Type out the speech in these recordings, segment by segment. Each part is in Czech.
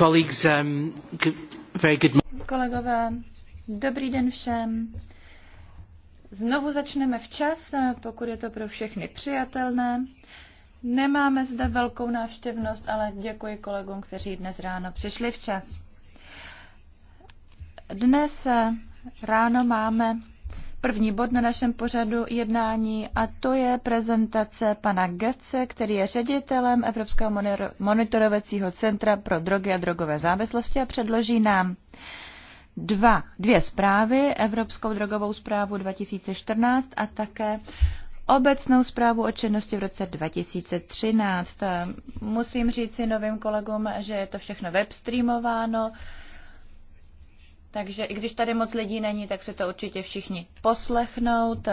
Um, Kolegové, dobrý den všem. Znovu začneme včas, pokud je to pro všechny přijatelné. Nemáme zde velkou návštěvnost, ale děkuji kolegům, kteří dnes ráno přišli včas. Dnes ráno máme první bod na našem pořadu jednání a to je prezentace pana Gece, který je ředitelem Evropského monitorovacího centra pro drogy a drogové závislosti a předloží nám dva, dvě zprávy, Evropskou drogovou zprávu 2014 a také obecnou zprávu o činnosti v roce 2013. Musím říct si novým kolegům, že je to všechno webstreamováno. Takže i když tady moc lidí není, tak si to určitě všichni poslechnout.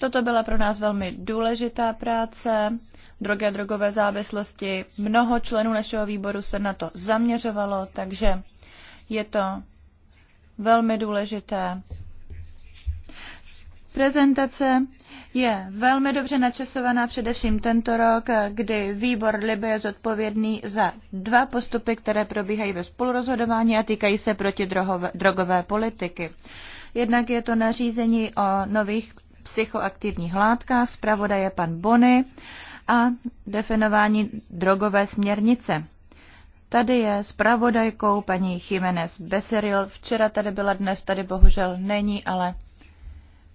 Toto byla pro nás velmi důležitá práce. Drogy a drogové závislosti. Mnoho členů našeho výboru se na to zaměřovalo, takže je to velmi důležité prezentace je velmi dobře načasovaná, především tento rok, kdy výbor Libe je zodpovědný za dva postupy, které probíhají ve spolurozhodování a týkají se protidrogové politiky. Jednak je to nařízení o nových psychoaktivních látkách, zpravoda je pan Bony a definování drogové směrnice. Tady je zpravodajkou paní Jiménez Beseril. Včera tady byla, dnes tady bohužel není, ale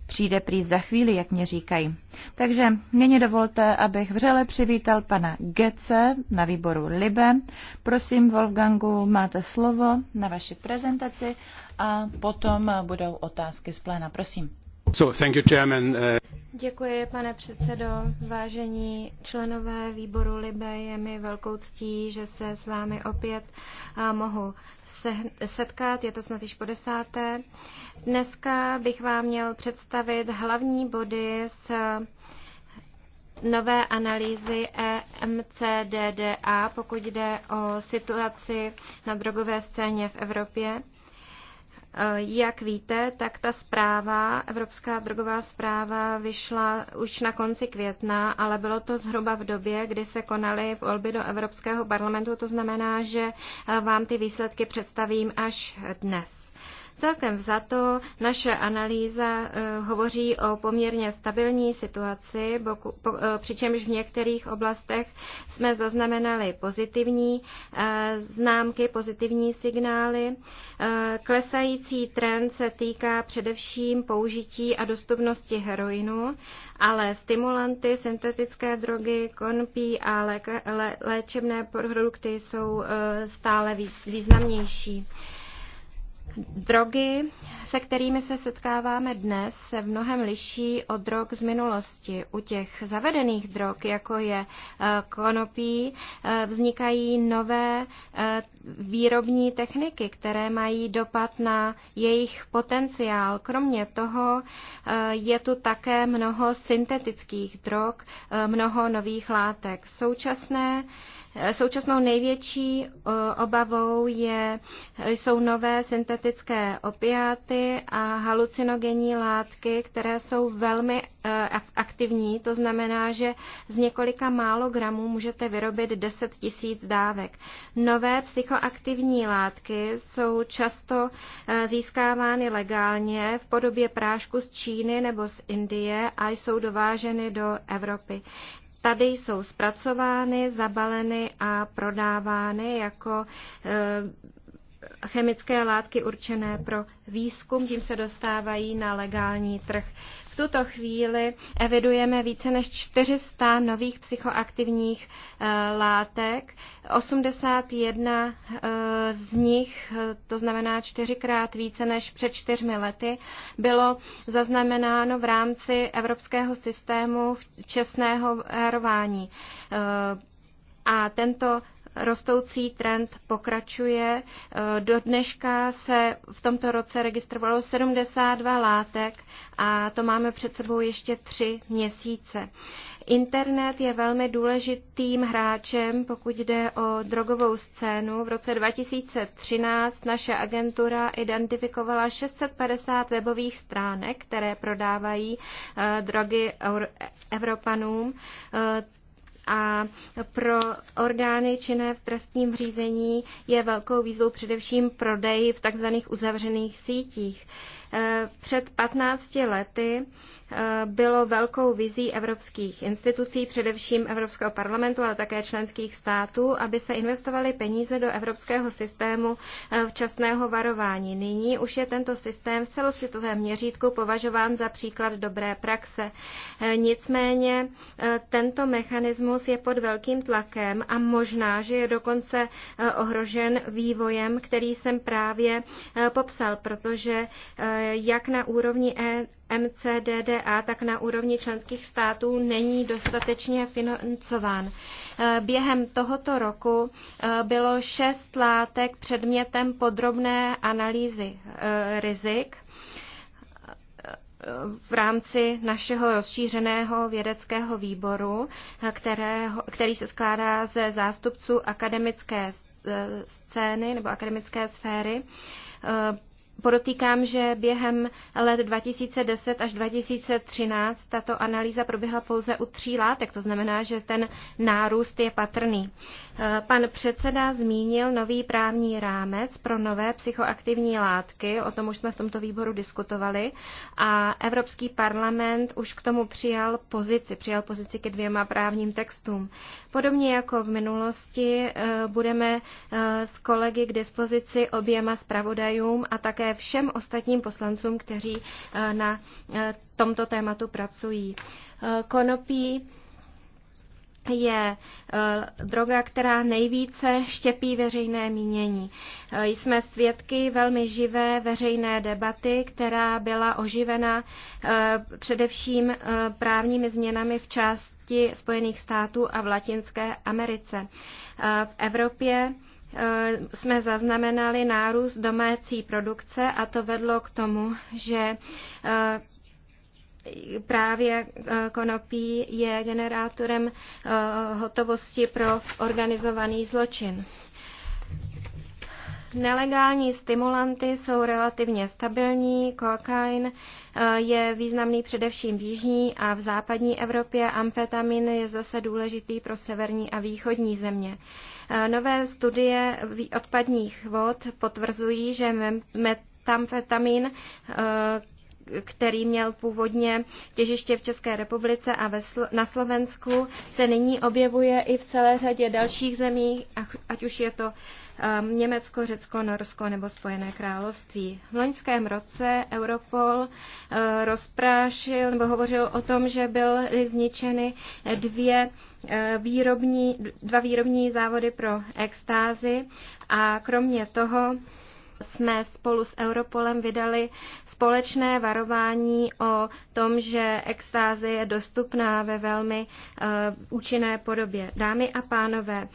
přijde prý za chvíli, jak mě říkají. Takže nyní dovolte, abych vřele přivítal pana Gece na výboru Libe. Prosím, Wolfgangu, máte slovo na vaši prezentaci a potom budou otázky z pléna. Prosím. Uh, Děkuji, pane předsedo. Vážení členové výboru Libe, je mi velkou ctí, že se s vámi opět uh, mohu setkat. Je to snad již po desáté. Dneska bych vám měl představit hlavní body z nové analýzy EMCDDA, pokud jde o situaci na drogové scéně v Evropě. Eh, jak víte, tak ta zpráva, Evropská drogová zpráva, vyšla už na konci května, ale bylo to zhruba v době, kdy se konaly volby do Evropského parlamentu. To znamená, že eh, vám ty výsledky představím až dnes. Celkem vzato naše analýza eh, hovoří o poměrně stabilní situaci, eh, přičemž v některých oblastech jsme zaznamenali pozitivní eh, známky, pozitivní signály. Klesající trend se týká především použití a dostupnosti heroinu, ale stimulanty, syntetické drogy, konpí a léčebné produkty jsou stále významnější. Drogy, se kterými se setkáváme dnes, se v mnohem liší od drog z minulosti. U těch zavedených drog, jako je eh, konopí, eh, vznikají nové eh, výrobní techniky, které mají dopad na jejich potenciál. Kromě toho je tu také mnoho syntetických drog, mnoho nových látek. Současné Současnou největší eh, obavou je, jsou nové syntetické opiáty a halucinogenní látky, které jsou velmi eh, aktivní. To znamená, že z několika málo gramů můžete vyrobit 10 tisíc dávek. Nové psychoaktivní látky jsou často eh, získávány legálně v podobě prášku z Číny nebo z Indie a jsou dováženy do Evropy tady jsou zpracovány, zabaleny a prodávány jako eh, chemické látky určené pro výzkum, tím se dostávají na legální trh tuto chvíli evidujeme více než 400 nových psychoaktivních eh, látek. 81 eh, z nich, eh, to znamená čtyřikrát více než před čtyřmi lety, bylo zaznamenáno v rámci evropského systému včasného varování. A tento rostoucí trend pokračuje. E, do dneška se v tomto roce registrovalo 72 látek a to máme před sebou ještě tři měsíce. Internet je velmi důležitým hráčem, pokud jde o drogovou scénu. V roce 2013 naše agentura identifikovala 650 webových stránek, které prodávají e, drogy Evropanům. E, a pro orgány činné v trestním řízení je velkou výzvou především prodej v tzv. uzavřených sítích. Eh, před 15 lety eh, bylo velkou vizí evropských institucí, především Evropského parlamentu, ale také členských států, aby se investovaly peníze do evropského systému eh, včasného varování. Nyní už je tento systém v celosvětovém měřítku považován za příklad dobré praxe. Nicméně tento mechanismus je pod velkým tlakem a možná, že je dokonce ohrožen vývojem, který jsem právě popsal, protože jak na úrovni e, MCDDA, tak na úrovni členských států není dostatečně financován. E, během tohoto roku e, bylo šest látek předmětem podrobné analýzy rizik v rámci našeho rozšířeného vědeckého výboru, kterého, který se skládá ze zástupců akademické scény nebo akademické sféry Podotýkám, že během let 2010 až 2013 tato analýza proběhla pouze u tří látek, to znamená, že ten nárůst je patrný. Eh, pan předseda zmínil nový právní rámec pro nové psychoaktivní látky, o tom už jsme v tomto výboru diskutovali, a Evropský parlament už k tomu přijal pozici, přijal pozici ke dvěma právním textům. Podobně jako v minulosti eh, budeme eh, s kolegy k dispozici oběma zpravodajům a také všem ostatním poslancům, kteří eh, na eh, tomto tématu pracují. Eh, konopí je droga, která nejvíce štěpí veřejné mínění. Jsme svědky velmi živé veřejné debaty, která byla oživena především právními změnami v části Spojených států a v Latinské Americe. V Evropě Eh, jsme zaznamenali nárůst domácí produkce a to vedlo k tomu, že eh, právě eh, konopí je generátorem hotovosti pro organizovaný zločin. Nelegální stimulanty jsou relativně stabilní, kokain je významný především v jižní a v západní Evropě, amfetamin je zase důležitý pro severní a východní země. Eh, nové studie odpadních vod potvrzují, že metamfetamin eh, který měl původně těžiště v České republice a ve, na Slovensku, se nyní objevuje i v celé řadě dalších zemí, ať už je to um, Německo, Řecko, Norsko nebo Spojené království. V loňském roce Europol uh, rozprášil nebo hovořil o tom, že byly zničeny dvě uh, výrobní, dva výrobní závody pro extázy a kromě toho jsme spolu s Europolem vydali společné varování o tom, že extáze je dostupná ve velmi eh, účinné podobě. Dámy a pánové,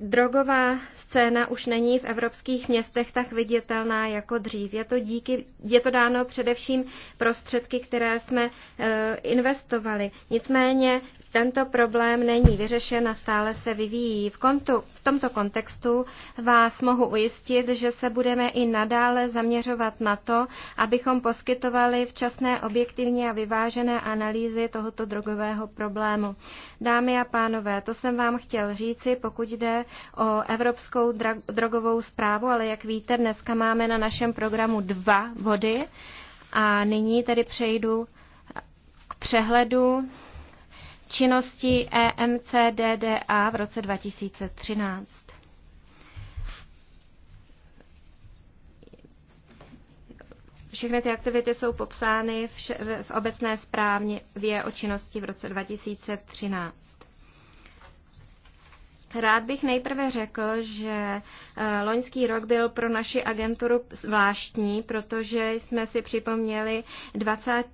drogová scéna už není v evropských městech tak viditelná jako dřív. Je to, díky, je to dáno především prostředky, které jsme eh, investovali. Nicméně tento problém není vyřešen a stále se vyvíjí. V, kontu, v tomto kontextu vás mohu ujistit, že se budeme i nadále zaměřovat na to, abychom poskytovali včasné objektivní a vyvážené analýzy tohoto drogového problému. Dámy a pánové, to jsem vám chtěl říci, pokud jde o evropskou drogovou zprávu, ale jak víte, dneska máme na našem programu dva body. A nyní tedy přejdu k přehledu činnosti EMCDDA v roce 2013. Všechny ty aktivity jsou popsány v, v obecné správně o činnosti v roce 2013. Rád bych nejprve řekl, že eh, loňský rok byl pro naši agenturu zvláštní, protože jsme si připomněli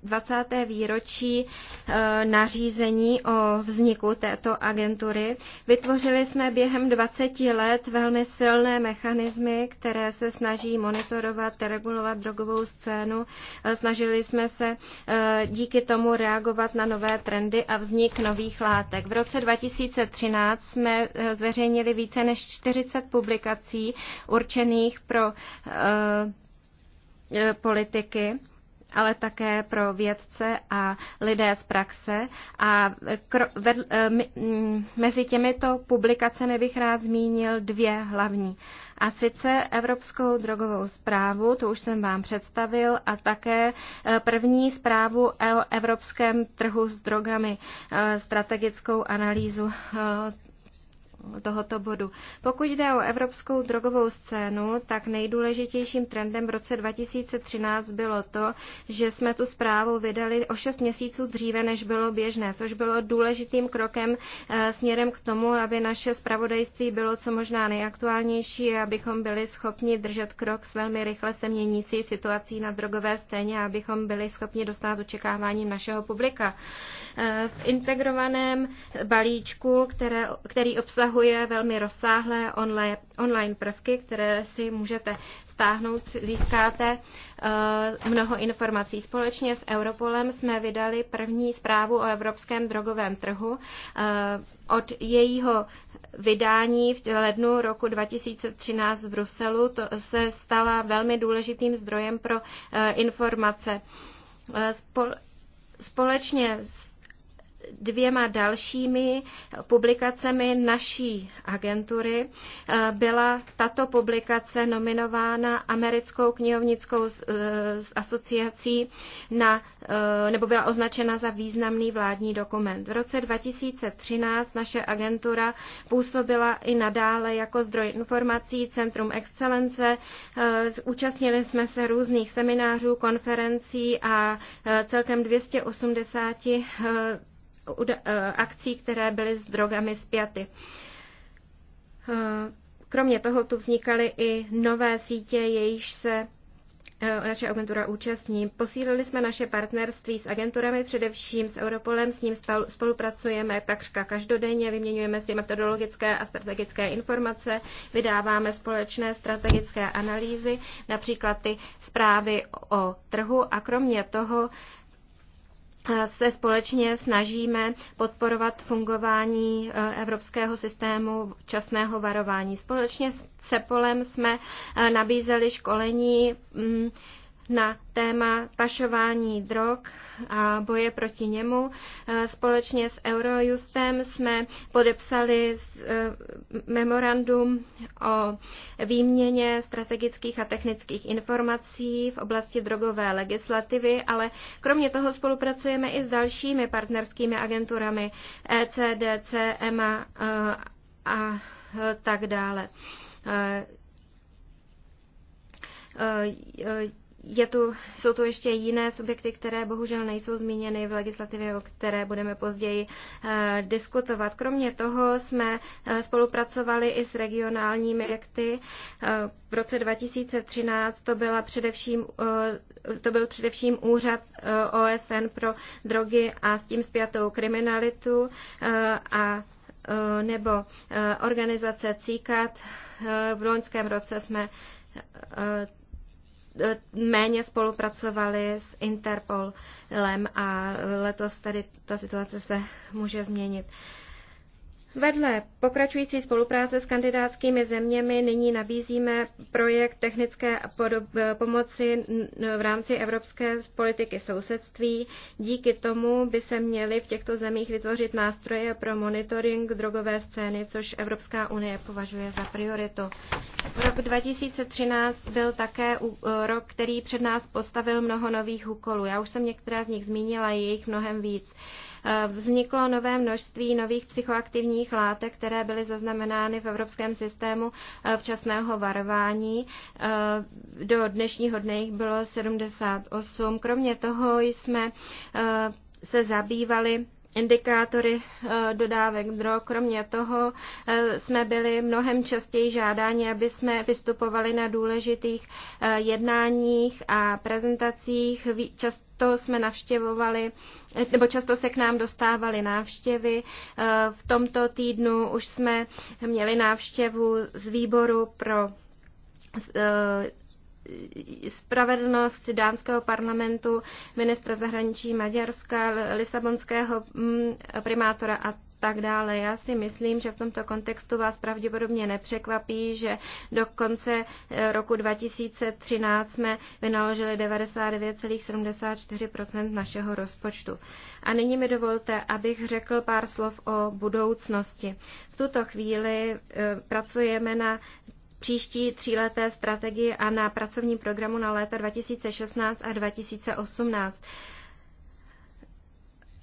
20. výročí eh, nařízení o vzniku této agentury. Vytvořili jsme během 20 let velmi silné mechanismy, které se snaží monitorovat, regulovat drogovou scénu. Eh, snažili jsme se díky tomu reagovat na nové trendy a vznik nových látek. V roce 2013 jsme zveřejnili více než 40 publikací určených pro eh, eh, politiky ale také pro vědce a lidé z praxe. A eh, mezi těmito publikacemi bych rád zmínil dvě hlavní. A sice Evropskou drogovou zprávu, to už jsem vám představil, a také první zprávu o evropském trhu s drogami, strategickou analýzu tohoto bodu. Pokud jde o evropskou drogovou scénu, tak nejdůležitějším trendem v roce 2013 bylo to, že jsme tu zprávu vydali o 6 měsíců dříve, než bylo běžné, což bylo důležitým krokem eh, směrem k tomu, aby naše zpravodajství bylo co možná nejaktuálnější, abychom byli schopni držet krok s velmi rychle se měnící situací na drogové scéně, abychom byli schopni dostat očekávání našeho publika. Eh, v integrovaném balíčku, které, který obsahuje obsahuje velmi rozsáhlé online prvky, které si můžete stáhnout, získáte eh, mnoho informací. Společně s Europolem jsme vydali první zprávu o evropském drogovém trhu. Eh, od jejího vydání v lednu roku 2013 v Bruselu to se stala velmi důležitým zdrojem pro eh, informace. Společně s dvěma dalšími publikacemi naší agentury eh, byla tato publikace nominována americkou knihovnickou eh, asociací na, eh, nebo byla označena za významný vládní dokument. V roce 2013 naše agentura působila i nadále jako zdroj informací Centrum excelence. Účastnili jsme se různých seminářů, konferencí a celkem 280 Eh, akcí, které byly s drogami zpěty. Eh, kromě toho tu vznikaly i nové sítě, jejichž se eh, naše agentura účastní. Posílili jsme naše partnerství s agenturami, především s Europolem, s ním spolupracujeme takřka každodenně, vyměňujeme si metodologické a strategické informace, vydáváme společné strategické analýzy, například ty zprávy o trhu a kromě toho se společně snažíme podporovat fungování e, evropského systému časného varování. Společně s CEPOLem jsme e, nabízeli školení mm, na téma pašování drog a boje proti němu. E, společně s Eurojustem jsme podepsali e, memorandum o výměně strategických a technických informací v oblasti drogové legislativy, ale kromě toho spolupracujeme i s dalšími partnerskými agenturami ECDC, EMA a e, tak dále je tu, jsou tu ještě jiné subjekty, které bohužel nejsou zmíněny v legislativě, o které budeme později eh, diskutovat. Kromě toho jsme eh, spolupracovali i s regionálními projekty. Eh, v roce 2013 to, byla především, to byl především úřad OSN pro drogy a s tím zpětou kriminalitu a nebo organizace CICAT. V loňském roce jsme Eh, méně spolupracovali s Interpolem a letos tady ta situace se může změnit. Vedle pokračující spolupráce s kandidátskými zeměmi nyní nabízíme projekt technické pomoci v rámci evropské politiky sousedství. Díky tomu by se měly v těchto zemích vytvořit nástroje pro monitoring drogové scény, což Evropská unie považuje za prioritu. Rok 2013 byl také e, rok, který před nás postavil mnoho nových úkolů. Já už jsem některé z nich zmínila, je jich mnohem víc. Vzniklo nové množství nových psychoaktivních látek, které byly zaznamenány v evropském systému eh, včasného varování. Eh, do dnešního dne jich bylo 78. Kromě toho jsme eh, se zabývali indikátory eh, dodávek drog. Kromě toho eh, jsme byli mnohem častěji žádáni, aby jsme vystupovali na důležitých eh, jednáních a prezentacích. Často jsme navštěvovali, nebo často se k nám dostávali návštěvy. V tomto týdnu už jsme měli návštěvu z výboru pro spravedlnost dánského parlamentu, ministra zahraničí Maďarska, lisabonského mm, primátora a tak dále. Já si myslím, že v tomto kontextu vás pravděpodobně nepřekvapí, že do konce eh, roku 2013 jsme vynaložili 99,74 našeho rozpočtu. A nyní mi dovolte, abych řekl pár slov o budoucnosti. V tuto chvíli eh, pracujeme na příští tříleté strategii a na pracovním programu na léta 2016 a 2018.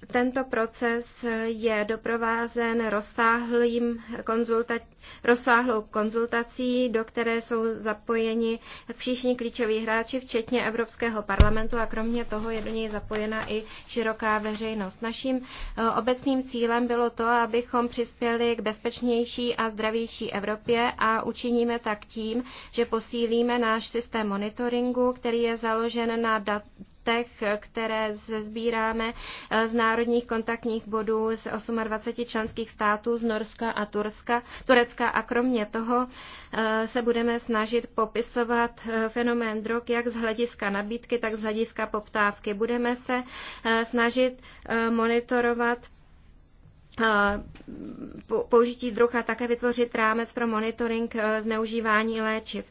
Tento proces je doprovázen rozsáhlým konzulta- rozsáhlou konzultací, do které jsou zapojeni všichni klíčoví hráči, včetně Evropského parlamentu a kromě toho je do něj zapojena i široká veřejnost. Naším eh, obecným cílem bylo to, abychom přispěli k bezpečnější a zdravější Evropě a učiníme tak tím, že posílíme náš systém monitoringu, který je založen na dat faktech, které zezbíráme eh, z národních kontaktních bodů z 28 členských států, z Norska a Turska, Turecka a kromě toho eh, se budeme snažit popisovat eh, fenomén drog jak z hlediska nabídky, tak z hlediska poptávky. Budeme se snažit monitorovat použití drog a také vytvořit rámec pro monitoring zneužívání léčiv.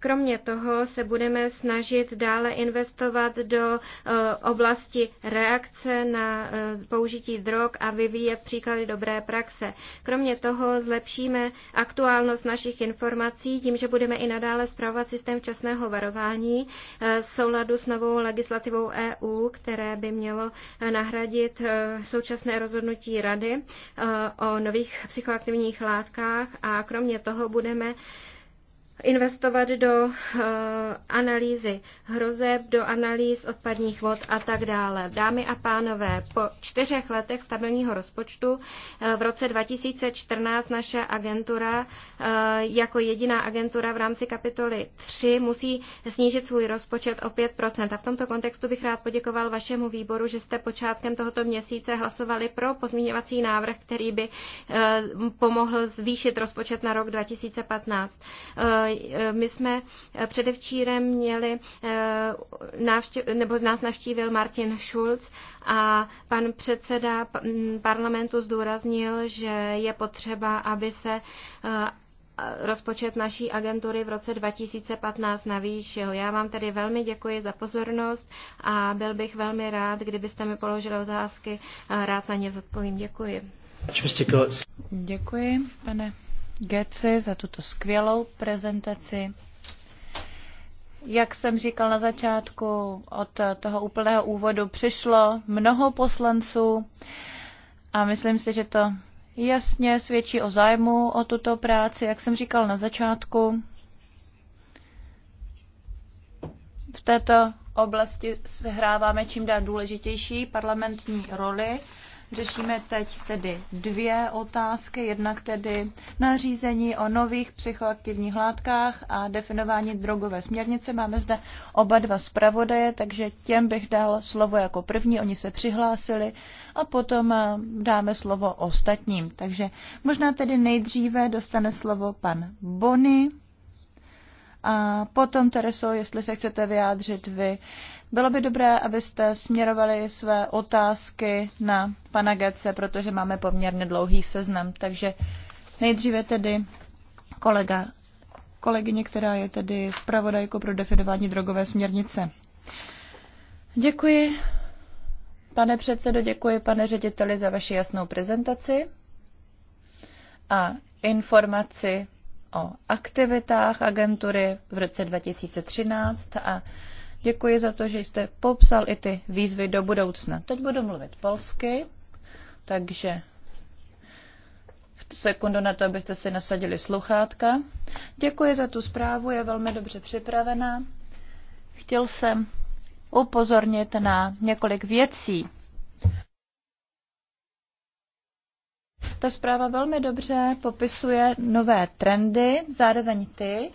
Kromě toho se budeme snažit dále investovat do eh, oblasti reakce na eh, použití drog a vyvíjet příklady dobré praxe. Kromě toho zlepšíme aktuálnost našich informací tím, že budeme i nadále zpravovat systém včasného varování eh, v souladu s novou legislativou EU, které by mělo nahradit současné rozhodnutí Rady o nových psychoaktivních látkách a kromě toho budeme investovat do eh, analýzy hrozeb, do analýz odpadních vod a tak dále. Dámy a pánové, po čtyřech letech stabilního rozpočtu eh, v roce 2014 naše agentura eh, jako jediná agentura v rámci kapitoly 3 musí snížit svůj rozpočet o 5%. A v tomto kontextu bych rád poděkoval vašemu výboru, že jste počátkem tohoto měsíce hlasovali pro pozměňovací návrh, který by pomohl zvýšit rozpočet na rok 2015 Eh, my jsme eh, předevčírem měli, eh, návštěv, nebo z nás navštívil Martin Schulz a pan předseda parlamentu zdůraznil, že je potřeba, aby se rozpočet naší agentury v roce 2015 navýšil. Já vám tedy velmi děkuji za pozornost a byl bych velmi rád, kdybyste mi položili otázky, rád na ně zodpovím. Děkuji. Děkuji, pane Geci za tuto skvělou prezentaci. Jak jsem říkal na začátku, od toho úplného úvodu přišlo mnoho poslanců a myslím si, že to jasně svědčí o zájmu o tuto práci. Jak jsem říkal na začátku, v této oblasti sehráváme čím dál důležitější parlamentní roli Řešíme teď tedy dvě otázky, jednak tedy nařízení o nových psychoaktivních látkách a definování drogové směrnice. Máme zde oba dva zpravodaje, takže těm bych dal slovo jako první, oni se přihlásili a potom eh, dáme slovo ostatním. Takže možná tedy nejdříve dostane slovo pan Bony. A potom, Tereso, jestli se chcete vyjádřit vy bylo by dobré, abyste směrovali své otázky na pana Gece, protože máme poměrně dlouhý seznam. Takže nejdříve tedy kolega, kolegyně, která je tedy zpravodajkou pro definování drogové směrnice. Děkuji, pane předsedo, děkuji, pane řediteli, za vaši jasnou prezentaci a informaci o aktivitách agentury v roce 2013 a Děkuji za to, že jste popsal i ty výzvy do budoucna. Teď budu mluvit polsky, takže sekundu na to, abyste si nasadili sluchátka. Děkuji za tu zprávu, je velmi dobře připravená. Chtěl jsem upozornit na několik věcí. Ta zpráva velmi dobře popisuje nové trendy, zároveň ty,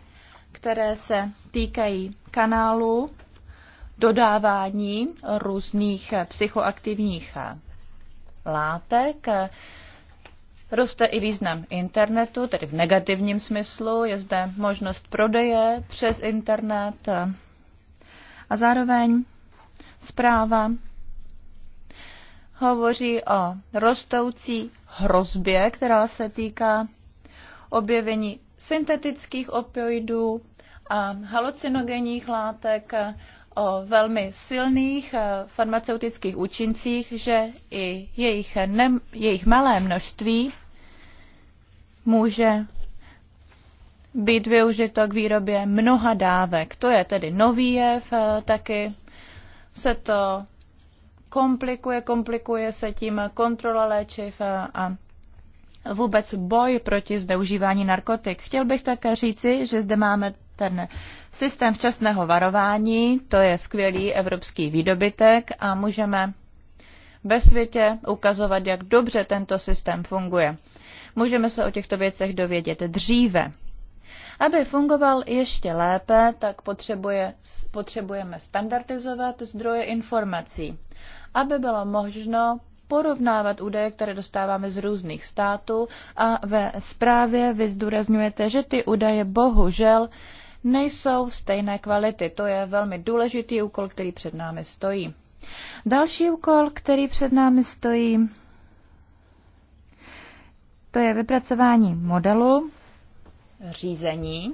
které se týkají kanálu dodávání různých psychoaktivních látek. Roste i význam internetu, tedy v negativním smyslu. Je zde možnost prodeje přes internet a zároveň zpráva hovoří o rostoucí hrozbě, která se týká objevení syntetických opioidů a halucinogenních látek o velmi silných eh, farmaceutických účincích, že i jejich, ne, jejich malé množství může být využito k výrobě mnoha dávek. To je tedy nový jev, eh, taky se to komplikuje, komplikuje se tím kontrola léčiv eh, a vůbec boj proti zneužívání narkotik. Chtěl bych také říci, že zde máme ten systém včasného varování, to je skvělý evropský výdobytek a můžeme ve světě ukazovat, jak dobře tento systém funguje. Můžeme se o těchto věcech dovědět dříve. Aby fungoval ještě lépe, tak potřebuje, potřebujeme standardizovat zdroje informací, aby bylo možno porovnávat údaje, které dostáváme z různých států a ve zprávě vy zdůrazňujete, že ty údaje bohužel nejsou stejné kvality. To je velmi důležitý úkol, který před námi stojí. Další úkol, který před námi stojí, to je vypracování modelu řízení.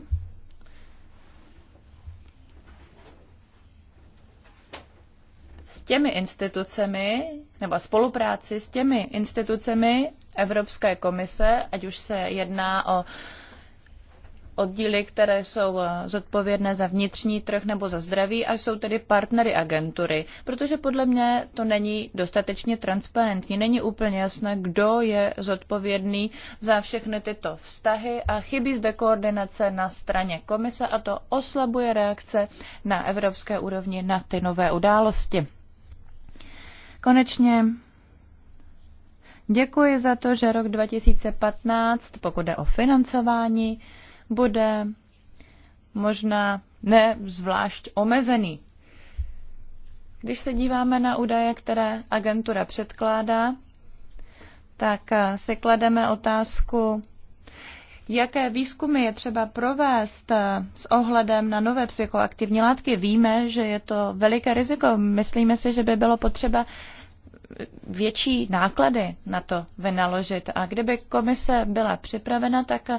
S těmi institucemi, nebo spolupráci s těmi institucemi Evropské komise, ať už se jedná o uh, oddíly, které jsou eh, zodpovědné za vnitřní trh nebo za zdraví a jsou tedy partnery agentury, protože podle mě to není dostatečně transparentní. Není úplně jasné, kdo je zodpovědný za všechny tyto vztahy a chybí zde koordinace na straně komise a to oslabuje reakce na evropské úrovni na ty nové události. Konečně Děkuji za to, že rok 2015, pokud jde o financování, bude možná ne zvlášť omezený. Když se díváme na údaje, které agentura předkládá, tak eh, si klademe otázku, jaké výzkumy je třeba provést eh, s ohledem na nové psychoaktivní látky. Víme, že je to veliké riziko. Myslíme si, že by bylo potřeba eh, větší náklady na to vynaložit. A kdyby komise byla připravena, tak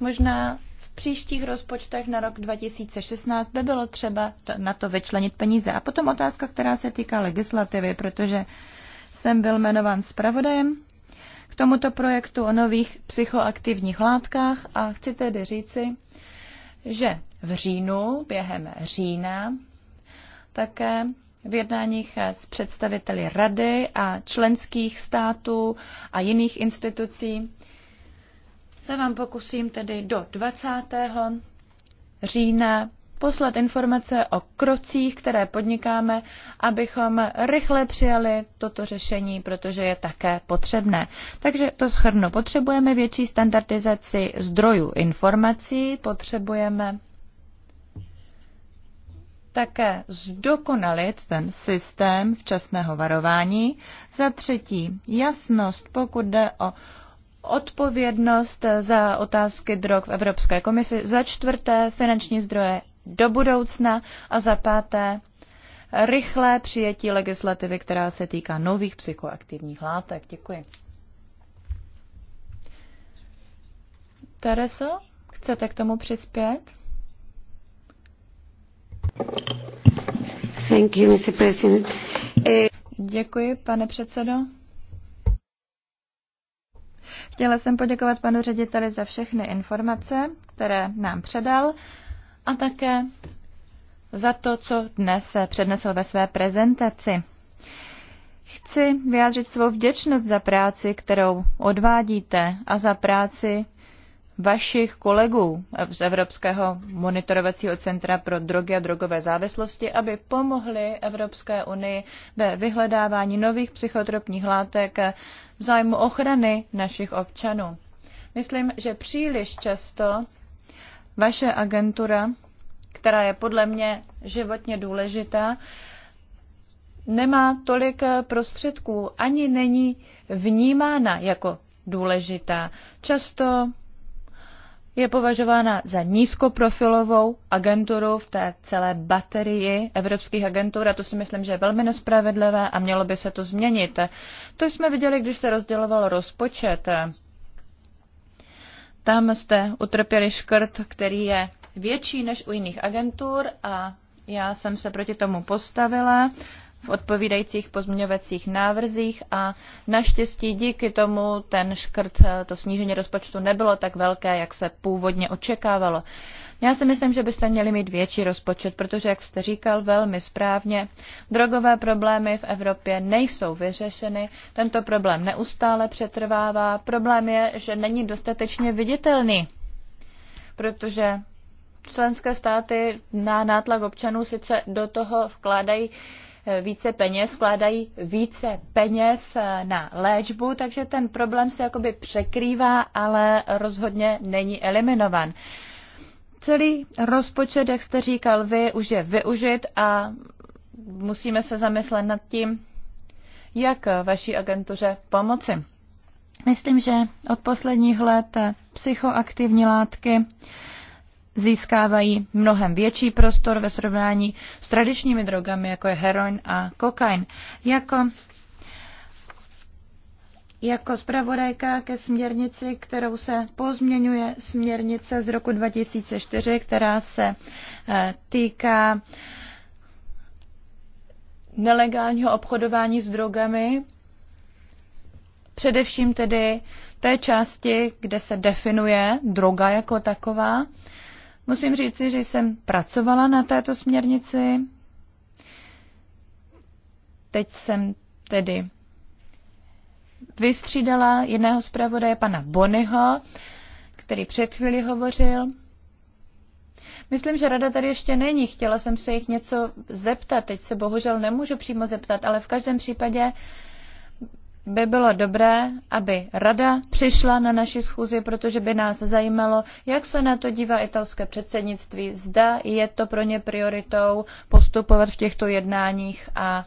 možná příštích rozpočtech na rok 2016 by bylo třeba na to vyčlenit peníze. A potom otázka, která se týká legislativy, protože jsem byl jmenován zpravodajem k tomuto projektu o nových psychoaktivních látkách a chci tedy říci, že v říjnu, během října, také v jednáních s představiteli Rady a členských států a jiných institucí se vám pokusím tedy do 20. října poslat informace o krocích, které podnikáme, abychom rychle přijali toto řešení, protože je také potřebné. Takže to shrnu. Potřebujeme větší standardizaci zdrojů informací, potřebujeme také zdokonalit ten systém včasného varování. Za třetí, jasnost, pokud jde o odpovědnost za otázky drog v Evropské komisi, za čtvrté finanční zdroje do budoucna a za páté rychlé přijetí legislativy, která se týká nových psychoaktivních látek. Děkuji. Tereso, chcete k tomu přispět? Thank you, Mr. President. Eh, Děkuji, pane předsedo. Chtěla jsem poděkovat panu řediteli za všechny informace, které nám předal a také za to, co dnes přednesl ve své prezentaci. Chci vyjádřit svou vděčnost za práci, kterou odvádíte a za práci vašich kolegů z Evropského monitorovacího centra pro drogy a drogové závislosti, aby pomohli Evropské unii ve vyhledávání nových psychotropních látek v zájmu ochrany našich občanů. Myslím, že příliš často vaše agentura, která je podle mě životně důležitá, nemá tolik prostředků, ani není vnímána jako důležitá. Často je považována za nízkoprofilovou agenturu v té celé baterii evropských agentur a to si myslím, že je velmi nespravedlivé a mělo by se to změnit. To jsme viděli, když se rozděloval rozpočet. Tam jste utrpěli škrt, který je větší než u jiných agentur a já jsem se proti tomu postavila v odpovídajících pozměňovacích návrzích a naštěstí díky tomu ten škrt, to snížení rozpočtu nebylo tak velké, jak se původně očekávalo. Já si myslím, že byste měli mít větší rozpočet, protože, jak jste říkal velmi správně, drogové problémy v Evropě nejsou vyřešeny, tento problém neustále přetrvává, problém je, že není dostatečně viditelný, protože členské státy na nátlak občanů sice do toho vkládají více peněz, vkládají více peněz eh, na léčbu, takže ten problém se jakoby překrývá, ale rozhodně není eliminovan. Celý rozpočet, jak jste říkal vy, už je využit a musíme se zamyslet nad tím, jak vaší agentuře pomoci. Myslím, že od posledních let psychoaktivní látky získávají mnohem větší prostor ve srovnání s tradičními drogami, jako je heroin a kokain. Jako jako zpravodajka ke směrnici, kterou se pozměňuje směrnice z roku 2004, která se eh, týká nelegálního obchodování s drogami, především tedy té části, kde se definuje droga jako taková, Musím říci, že jsem pracovala na této směrnici. Teď jsem tedy vystřídala jiného zpravodaje, pana Bonyho, který před chvíli hovořil. Myslím, že rada tady ještě není. Chtěla jsem se jich něco zeptat. Teď se bohužel nemůžu přímo zeptat, ale v každém případě uh, by bylo dobré, aby rada přišla na naši schůzi, protože by nás zajímalo, jak se na to dívá italské předsednictví. Zda je to pro ně prioritou postupovat v těchto jednáních a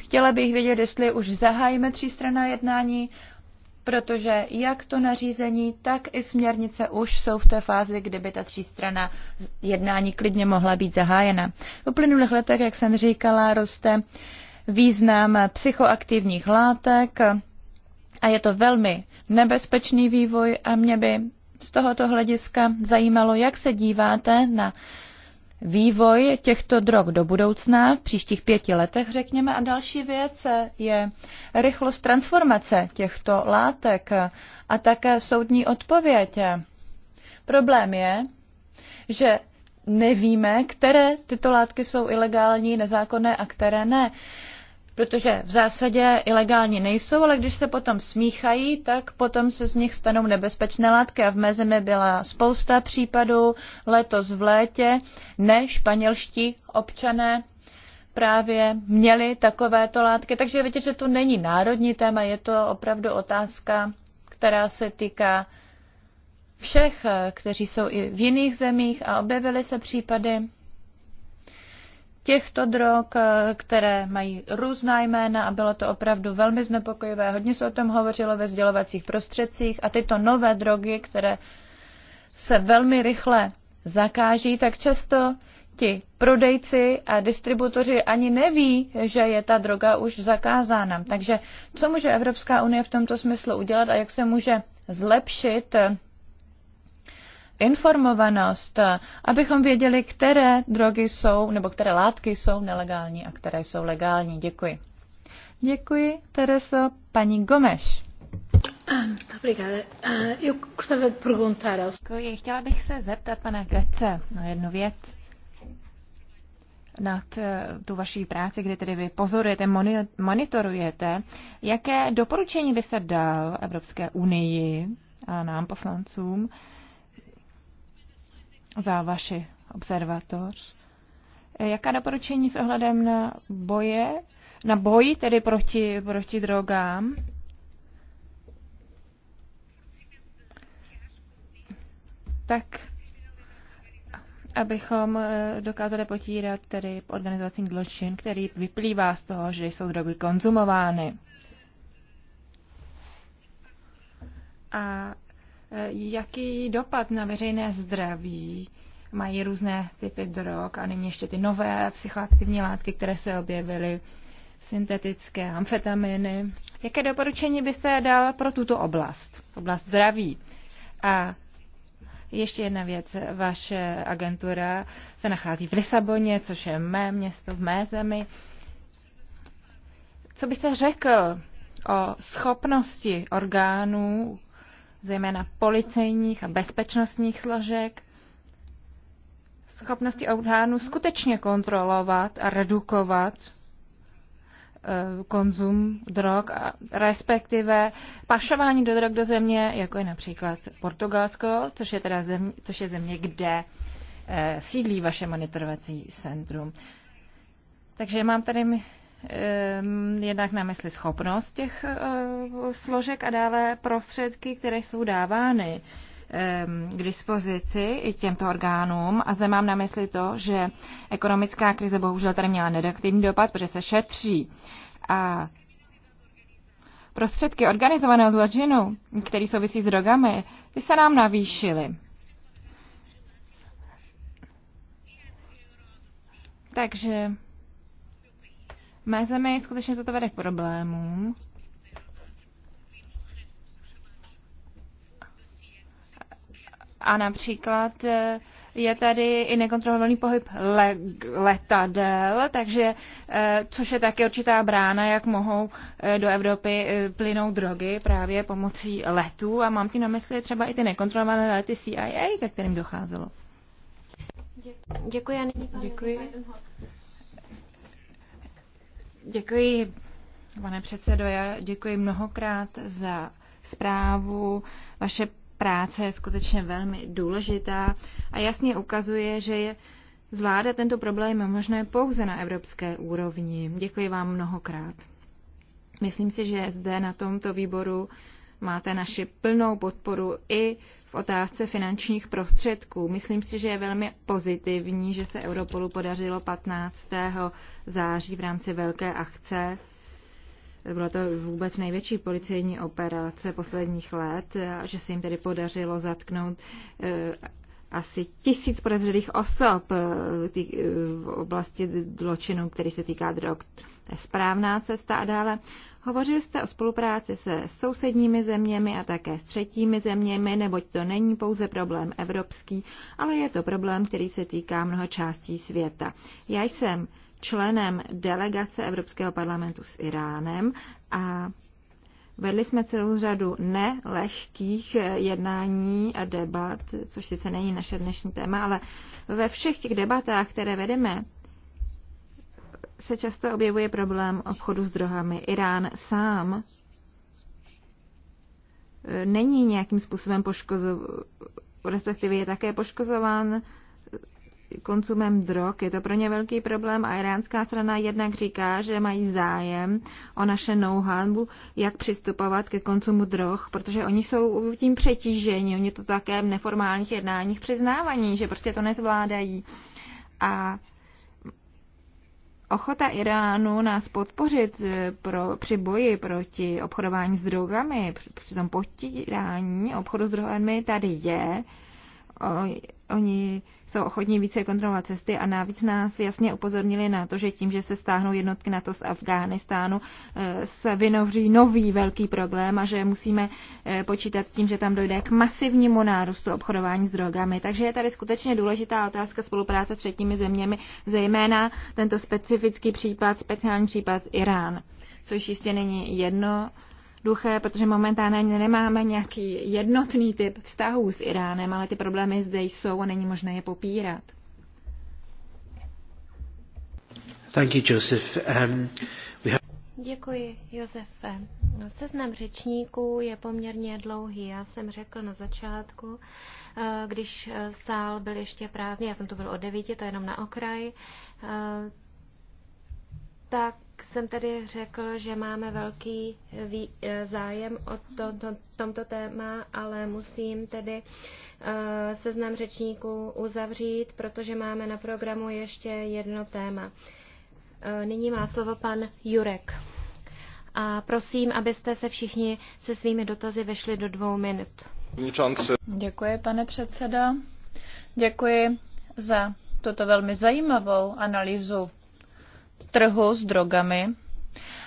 chtěla bych vědět, jestli už zahájíme třístranná jednání, protože jak to nařízení, tak i směrnice už jsou v té fázi, kdyby ta třístrana jednání klidně mohla být zahájena. V uplynulých letech, jak jsem říkala, roste uh, význam psychoaktivních látek a je to velmi nebezpečný vývoj a mě by z tohoto hlediska zajímalo, jak se díváte na vývoj těchto drog do budoucna v příštích pěti letech, řekněme. A další věc je rychlost transformace těchto látek a také soudní odpověď. Problém je, že nevíme, které tyto látky jsou ilegální, nezákonné a které ne protože v zásadě ilegální nejsou, ale když se potom smíchají, tak potom se z nich stanou nebezpečné látky a v mezemi byla spousta případů letos v létě, ne španělští občané právě měli takovéto látky. Takže vidíte, že to není národní téma, je to opravdu otázka, která se týká všech, kteří jsou i v jiných zemích a objevily se případy těchto drog, eh, které mají různá jména a bylo to opravdu velmi znepokojivé. Hodně se o tom hovořilo ve sdělovacích prostředcích a tyto nové drogy, které se velmi rychle zakáží, tak často ti prodejci a distributoři ani neví, že je ta droga už zakázána. Takže co může Evropská unie v tomto smyslu udělat a jak se může zlepšit informovanost, abychom věděli, které drogy jsou, nebo které látky jsou nelegální a které jsou legální. Děkuji. Děkuji, Tereso. Paní Gomeš. Ah, Děkuji. Chtěla bych se zeptat pana Gece na jednu věc nad eh, tu vaší práci, kde tedy vy pozorujete, monitorujete. Jaké doporučení by se dal Evropské unii a nám poslancům, za vaši observatoř. Jaká doporučení s ohledem na boje, na boj tedy proti, proti drogám? Tak, abychom eh, dokázali potírat tedy organizací zločin, který vyplývá z toho, že jsou drogy konzumovány. A jaký dopad na veřejné zdraví mají různé typy drog a nyní ještě ty nové psychoaktivní látky, které se objevily, syntetické amfetaminy. Jaké doporučení byste dal pro tuto oblast, oblast zdraví? A ještě jedna věc. Vaše agentura se nachází v Lisaboně, což je mé město v mé zemi. Co byste řekl o schopnosti orgánů zejména policejních a bezpečnostních složek, schopnosti orgánů skutečně kontrolovat a redukovat eh, konzum drog, a respektive pašování do drog do země, jako je například Portugalsko, což je, teda země, což je země, kde eh, sídlí vaše monitorovací centrum. Takže mám tady Ehm, jednak na mysli schopnost těch eh, složek a dále prostředky, které jsou dávány ehm, k dispozici i těmto orgánům. A zde mám na mysli to, že ekonomická krize bohužel tady měla negativní dopad, protože se šetří. A prostředky organizovaného zločinu, který souvisí s drogami, ty se nám navýšily. Takže mé zemi skutečně za to vede k problémům. A například eh, je tady i nekontrolovaný pohyb le- letadel, takže, eh, což je také určitá brána, jak mohou eh, do Evropy plynout drogy právě pomocí letů. A mám tím na mysli třeba i ty nekontrolované lety CIA, ke kterým docházelo. Děkuji. Děkuji. Děkuji, pane předsedo, já děkuji mnohokrát za zprávu. Vaše práce je skutečně velmi důležitá a jasně ukazuje, že je zvládat tento problém je možné pouze na evropské úrovni. Děkuji vám mnohokrát. Myslím si, že zde na tomto výboru máte naši plnou podporu i v otázce finančních prostředků. Myslím si, že je velmi pozitivní, že se Europolu podařilo 15. září v rámci velké akce. Byla to vůbec největší policejní operace posledních let, a že se jim tedy podařilo zatknout eh, asi tisíc podezřelých osob eh, eh, v oblasti zločinu, který se týká drog. To je správná cesta a dále Hovořil jste o spolupráci se sousedními zeměmi a také s třetími zeměmi, neboť to není pouze problém evropský, ale je to problém, který se týká mnoho částí světa. Já jsem členem delegace Evropského parlamentu s Iránem a Vedli jsme celou řadu nelehkých eh, jednání a debat, což sice není naše dnešní téma, ale ve všech těch debatách, které vedeme se často objevuje problém obchodu s drogami. Irán sám eh, není nějakým způsobem poškozován, respektive je také poškozován konzumem drog. Je to pro ně velký problém a iránská strana jednak říká, že mají zájem o naše know-how, jak přistupovat ke konzumu drog, protože oni jsou tím přetíženi. Oni to také v neformálních jednáních přiznávaní, že prostě to nezvládají. A Ochota Iránu nás podpořit eh, pro, při boji proti obchodování s drogami, při, při tom potírání obchodu s drogami tady je. O, oni jsou ochotní více kontrolovat cesty a navíc nás jasně upozornili na to, že tím, že se stáhnou jednotky NATO z Afghánistánu, eh, se vynovří nový velký problém a že musíme eh, počítat s tím, že tam dojde k masivnímu nárůstu obchodování s drogami. Takže je tady skutečně důležitá otázka spolupráce s třetími zeměmi, zejména tento specifický případ, speciální případ Irán, což jistě není jedno duché, protože momentálně nemáme nějaký jednotný typ vztahů s Iránem, ale ty problémy zde jsou a není možné je popírat. Thank you, Joseph. Um, we have... Děkuji, Josefe. Seznam řečníků je poměrně dlouhý. Já jsem řekl na začátku, eh, když eh, sál byl ještě prázdný, já jsem tu byl o devíti, to jenom na okraj, eh, tak jsem tedy řekl, že máme velký eh, zájem o to, to, tomto téma, ale musím tedy eh, seznam řečníků uzavřít, protože máme na programu ještě jedno téma. Eh, nyní má slovo pan Jurek. A prosím, abyste se všichni se svými dotazy vešli do dvou minut. Děkuji, pane předseda. Děkuji za tuto velmi zajímavou analýzu trhu s drogami,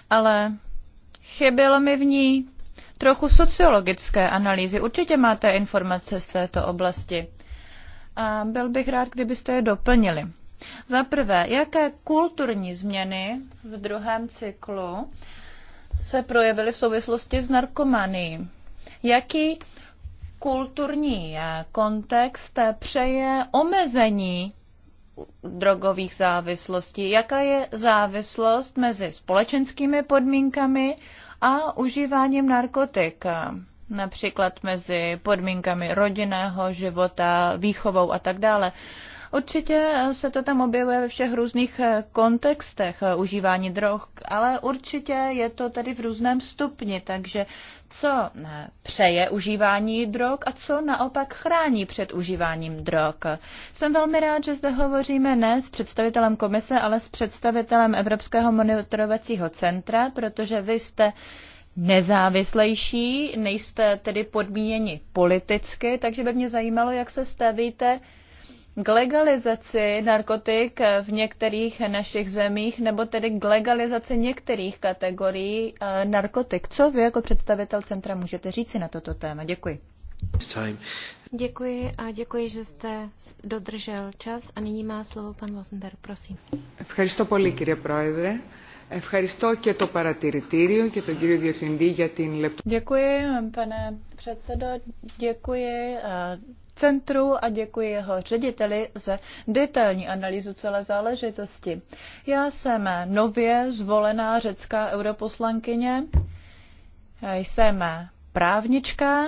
ale chybělo mi v ní trochu sociologické analýzy. Určitě máte informace z této oblasti. A byl bych rád, kdybyste je doplnili. Za prvé, jaké kulturní změny v druhém cyklu se projevily v souvislosti s narkomanií? Jaký kulturní eh, kontext eh, přeje omezení drogových závislostí. Jaká je závislost mezi společenskými podmínkami a užíváním narkotik? Například mezi podmínkami rodinného života, výchovou a tak dále. Určitě se to tam objevuje ve všech různých kontextech užívání drog, ale určitě je to tedy v různém stupni, takže co eh, přeje užívání drog a co naopak chrání před užíváním drog. Jsem velmi rád, že zde hovoříme ne s představitelem komise, ale s představitelem Evropského monitorovacího centra, protože vy jste nezávislejší, nejste tedy podmíněni politicky, takže by mě zajímalo, jak se stavíte k legalizaci narkotik v některých našich zemích, nebo tedy k legalizaci některých kategorií eh, narkotik. Co vy jako představitel centra můžete říci na toto téma? Děkuji. Děkuji a děkuji, že jste dodržel čas. A nyní má slovo pan Vosenberg, prosím. Ευχαριστώ πολύ, κύριε Πρόεδρε. Ευχαριστώ και το παρατηρητήριο και τον κύριο Διευθυντή για την λεπτομέρεια. Děkuji, pane předsedo, děkuji eh, centru a děkuji jeho řediteli za detailní analýzu celé záležitosti. Já jsem nově zvolená řecká europoslankyně, jsem právnička,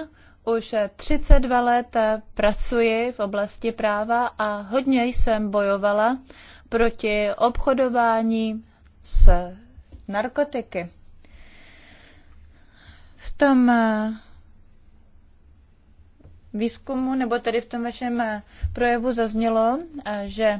už 32 let pracuji v oblasti práva a hodně jsem bojovala proti obchodování s narkotiky. V tom výzkumu, nebo tedy v tom vašem eh, projevu zaznělo, eh, že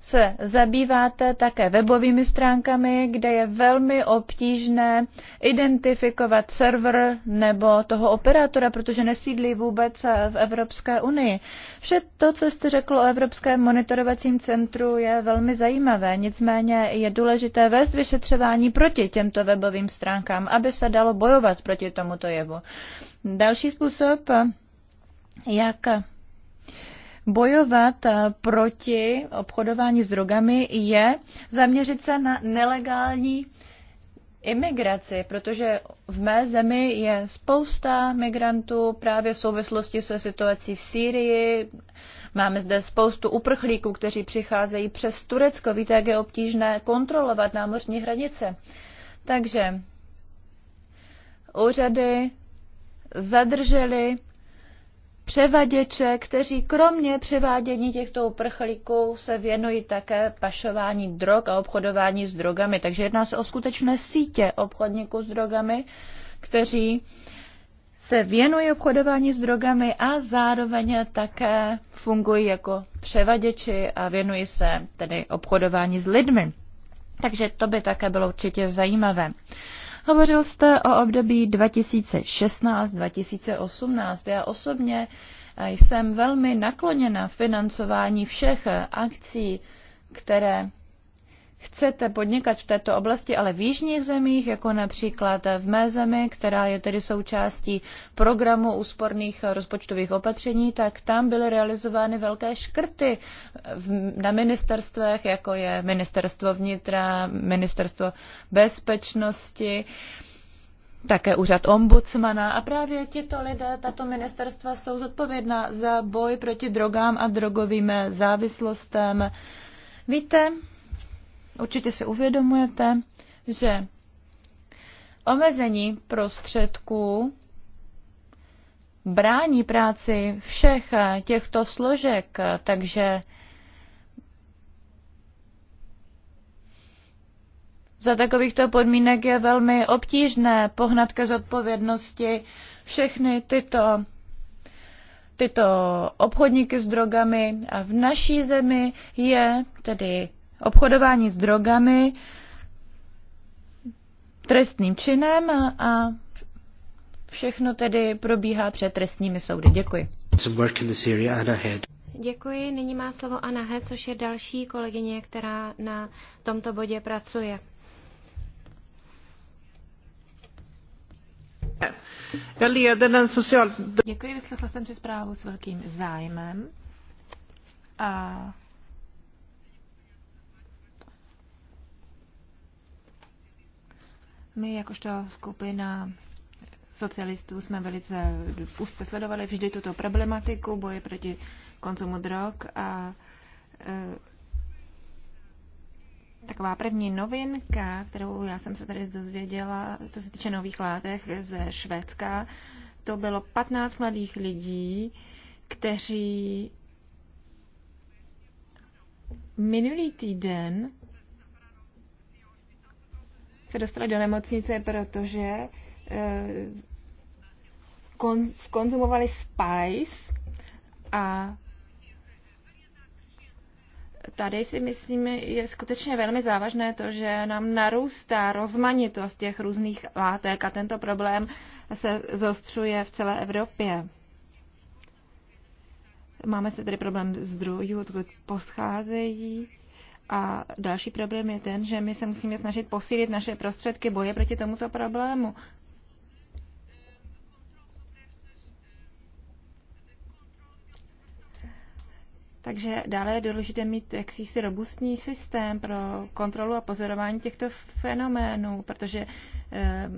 se zabýváte také webovými stránkami, kde je velmi obtížné identifikovat server nebo toho operátora, protože nesídlí vůbec eh, v Evropské unii. Vše to, co jste řekl o Evropském monitorovacím centru, je velmi zajímavé. Nicméně je důležité vést vyšetřování proti těmto webovým stránkám, aby se dalo bojovat proti tomuto jevu. Další způsob, jak bojovat eh, proti obchodování s drogami, je zaměřit se na nelegální imigraci, protože v mé zemi je spousta migrantů právě v souvislosti se situací v Sýrii. Máme zde spoustu uprchlíků, kteří přicházejí přes Turecko. Víte, jak je obtížné kontrolovat námořní hranice. Takže úřady zadrželi převaděče, kteří kromě převádění těchto uprchlíků se věnují také pašování drog a obchodování s drogami. Takže jedná se o skutečné sítě obchodníků s drogami, kteří se věnují obchodování s drogami a zároveň také fungují jako převaděči a věnují se tedy obchodování s lidmi. Takže to by také bylo určitě zajímavé. Hovořil jste o období 2016-2018. Já osobně jsem velmi nakloněna financování všech akcí, které chcete podnikat v této oblasti, ale v jižních zemích, jako například v mé zemi, která je tedy součástí programu úsporných rozpočtových opatření, tak tam byly realizovány velké škrty na ministerstvech, jako je ministerstvo vnitra, ministerstvo bezpečnosti také úřad ombudsmana a právě tito lidé, tato ministerstva jsou zodpovědná za boj proti drogám a drogovým závislostem. Víte, Určitě si uvědomujete, že omezení prostředků brání práci všech těchto složek, takže Za takovýchto podmínek je velmi obtížné pohnat ke zodpovědnosti všechny tyto, tyto obchodníky s drogami. A v naší zemi je tedy obchodování s drogami trestným činem a všechno tedy probíhá před trestními soudy. Děkuji. Děkuji. Nyní má slovo Anna He, což je další kolegyně, která na tomto bodě pracuje. Děkuji, vyslechla jsem si zprávu s velkým zájmem. A My jakožto skupina socialistů jsme velice úzce sledovali vždy tuto problematiku boje proti konzumu drog a e, taková první novinka, kterou já jsem se tady dozvěděla, co se týče nových látek ze Švédska, to bylo 15 mladých lidí, kteří minulý týden se dostali do nemocnice, protože eh, skonzumovali eh, spice a tady si myslím, je skutečně velmi závažné to, že nám narůstá rozmanitost těch různých látek a tento problém se zostřuje v celé Evropě. Máme se tedy problém zdrojů, odkud poscházejí a další problém je ten, že my se musíme snažit posílit naše prostředky boje proti tomuto problému. Takže dále je důležité mít jakýsi robustní systém pro kontrolu a pozorování těchto fenoménů, protože eh,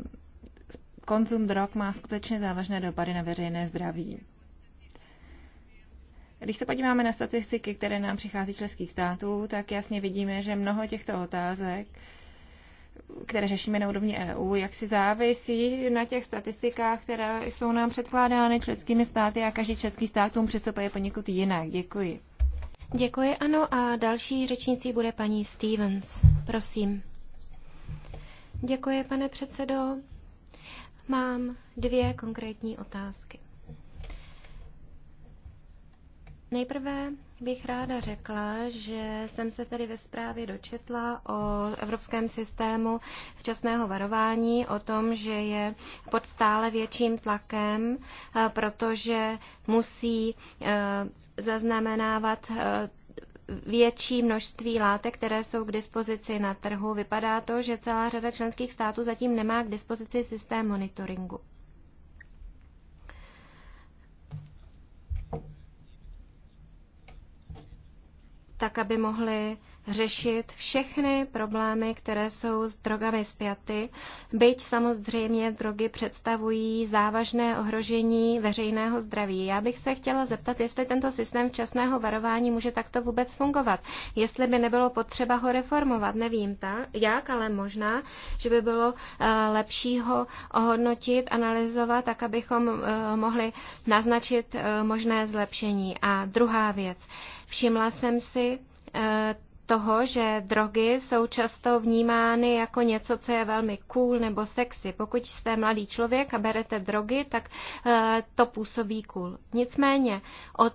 konzum drog má skutečně závažné dopady na veřejné zdraví. Když se podíváme na statistiky, které nám přichází českých států, tak jasně vidíme, že mnoho těchto otázek, které řešíme na úrovni EU, jak si závisí na těch statistikách, které jsou nám předkládány členskými státy a každý český stát tomu přistupuje poněkud jinak. Děkuji. Děkuji, ano, a další řečnicí bude paní Stevens. Prosím. Děkuji, pane předsedo. Mám dvě konkrétní otázky. Nejprve bych ráda řekla, že jsem se tedy ve zprávě dočetla o evropském systému včasného varování, o tom, že je pod stále větším tlakem, eh, protože musí eh, zaznamenávat eh, větší množství látek, které jsou k dispozici na trhu. Vypadá to, že celá řada členských států zatím nemá k dispozici systém monitoringu. tak aby mohli řešit všechny problémy, které jsou s drogami spjaty, byť samozřejmě drogy představují závažné ohrožení veřejného zdraví. Já bych se chtěla zeptat, jestli tento systém včasného varování může takto vůbec fungovat, jestli by nebylo potřeba ho reformovat, nevím ta, jak, ale možná, že by bylo eh, lepší ho ohodnotit, analyzovat, tak abychom eh, mohli naznačit eh, možné zlepšení. A druhá věc. Všimla jsem si eh, toho, že drogy jsou často vnímány jako něco, co je velmi cool nebo sexy. Pokud jste mladý člověk a berete drogy, tak eh, to působí cool. Nicméně od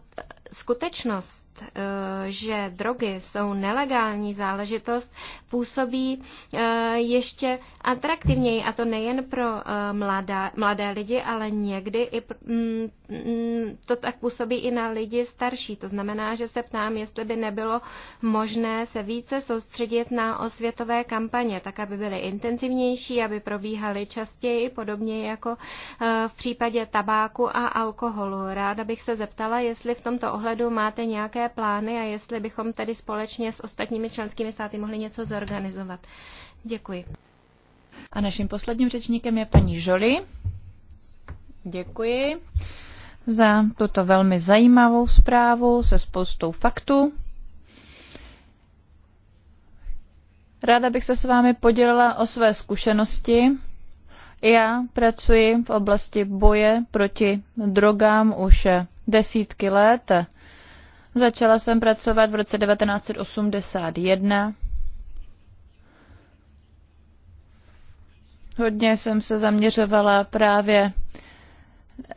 skutečnost, Eh, že drogy jsou nelegální záležitost, působí eh, ještě atraktivněji, a to nejen pro eh, mladá, mladé lidi, ale někdy i, mm, mm, to tak působí i na lidi starší. To znamená, že se ptám, jestli by nebylo možné se více soustředit na osvětové kampaně, tak aby byly intenzivnější, aby probíhaly častěji, podobně jako v případě tabáku a alkoholu. Ráda bych se zeptala, jestli v tomto ohledu máte nějaké plány a jestli bychom tedy společně s ostatními členskými státy mohli něco zorganizovat. Děkuji. A naším posledním řečníkem je paní Žoli. Děkuji za tuto velmi zajímavou zprávu se spoustou faktů. Ráda bych se s vámi podělila o své zkušenosti. Já pracuji v oblasti boje proti drogám už desítky let Začala jsem pracovat v roce 1981. Hodně jsem se zaměřovala právě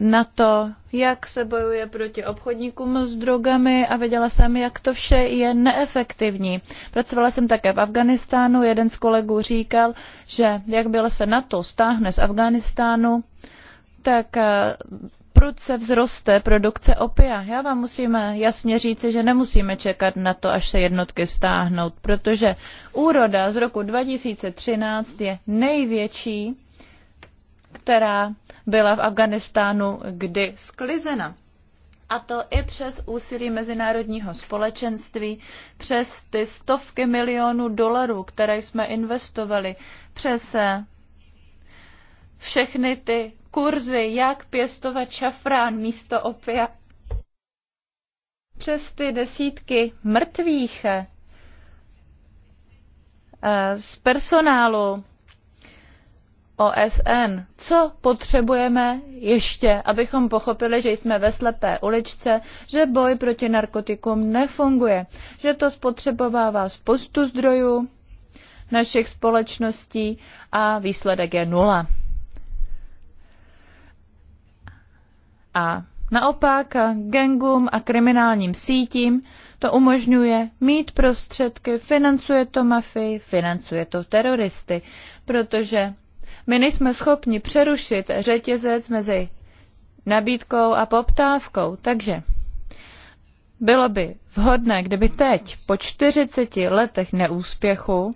na to, jak se bojuje proti obchodníkům s drogami a věděla jsem, jak to vše je neefektivní. Pracovala jsem také v Afganistánu, jeden z kolegů říkal, že jak bylo se na to stáhne z Afganistánu, tak eh, prudce vzroste produkce opia. Já vám musím jasně říci, že nemusíme čekat na to, až se jednotky stáhnout, protože úroda z roku 2013 je největší, která byla v Afganistánu kdy sklizena. A to i přes úsilí mezinárodního společenství, přes ty stovky milionů dolarů, které jsme investovali, přes všechny ty kurzy, jak pěstovat šafrán místo opia. Přes ty desítky mrtvých eh, z personálu OSN. Co potřebujeme ještě, abychom pochopili, že jsme ve slepé uličce, že boj proti narkotikům nefunguje, že to spotřebovává spoustu zdrojů našich společností a výsledek je nula. a naopak gangům a kriminálním sítím to umožňuje mít prostředky, financuje to mafii, financuje to teroristy, protože my nejsme schopni přerušit řetězec mezi nabídkou a poptávkou. Takže bylo by vhodné, kdyby teď, po 40 letech neúspěchu,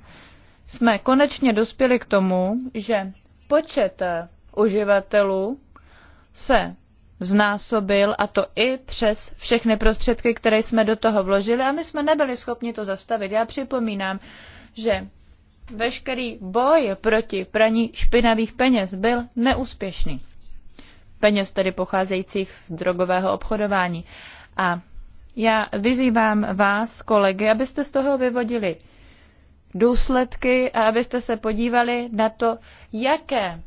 jsme konečně dospěli k tomu, že počet eh, uživatelů se znásobil a to i přes všechny prostředky, které jsme do toho vložili a my jsme nebyli schopni to zastavit. Já připomínám, že veškerý boj proti praní špinavých peněz byl neúspěšný. Peněz tedy pocházejících z drogového obchodování. A já vyzývám vás, kolegy, abyste z toho vyvodili důsledky a abyste se podívali na to, jaké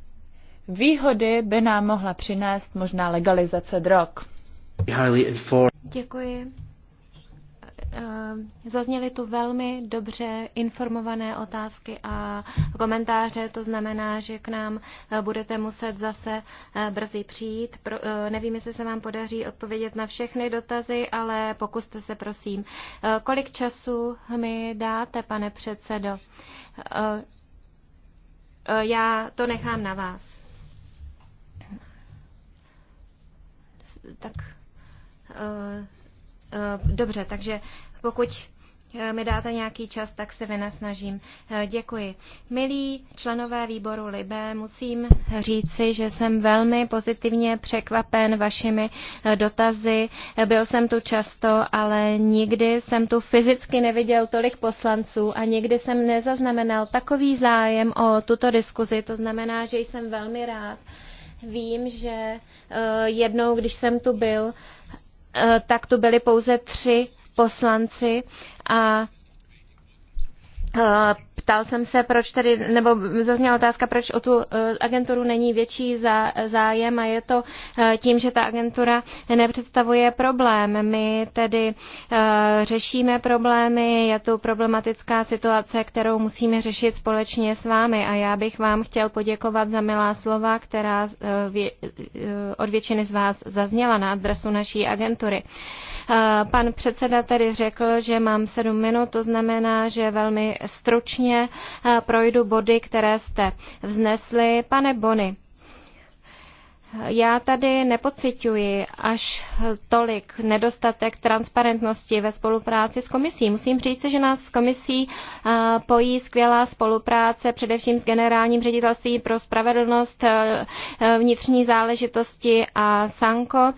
výhody by nám mohla přinést možná legalizace drog. Děkuji. Eh, zazněly tu velmi dobře informované otázky a komentáře, to znamená, že k nám eh, budete muset zase eh, brzy přijít. Pro, nevím, jestli se vám podaří odpovědět na všechny dotazy, ale pokuste se, prosím. Kolik času mi dáte, pane předsedo? Já to nechám na vás. tak eh, eh, dobře, takže pokud eh, mi dáte nějaký čas, tak se vynasnažím. Děkuji. Milí členové výboru Libé, musím říci, že jsem velmi pozitivně překvapen vašimi dotazy. Byl jsem tu často, ale nikdy jsem tu fyzicky neviděl tolik poslanců a nikdy jsem nezaznamenal takový zájem o tuto diskuzi. To znamená, že jsem velmi rád, Vím, že eh, jednou, když jsem tu byl, eh, tak tu byli pouze tři poslanci a Eh, ptal jsem se, proč tedy, nebo zazněla otázka, proč o tu eh, agenturu není větší zá, zájem a je to eh, tím, že ta agentura nepředstavuje problém. My tedy řešíme problémy, je tu problematická situace, kterou musíme řešit společně s vámi a já bych vám chtěl poděkovat za milá slova, která od většiny z vás zazněla na adresu naší agentury. Pan předseda tedy řekl, že mám sedm minut, to znamená, že velmi stručně eh, projdu body, které jste vznesli. Pane Bony, já tady nepociťuji až tolik nedostatek transparentnosti ve spolupráci s komisí. Musím říct, že nás s komisí eh, pojí skvělá spolupráce, především s generálním ředitelstvím pro spravedlnost, eh, vnitřní záležitosti a Sanko.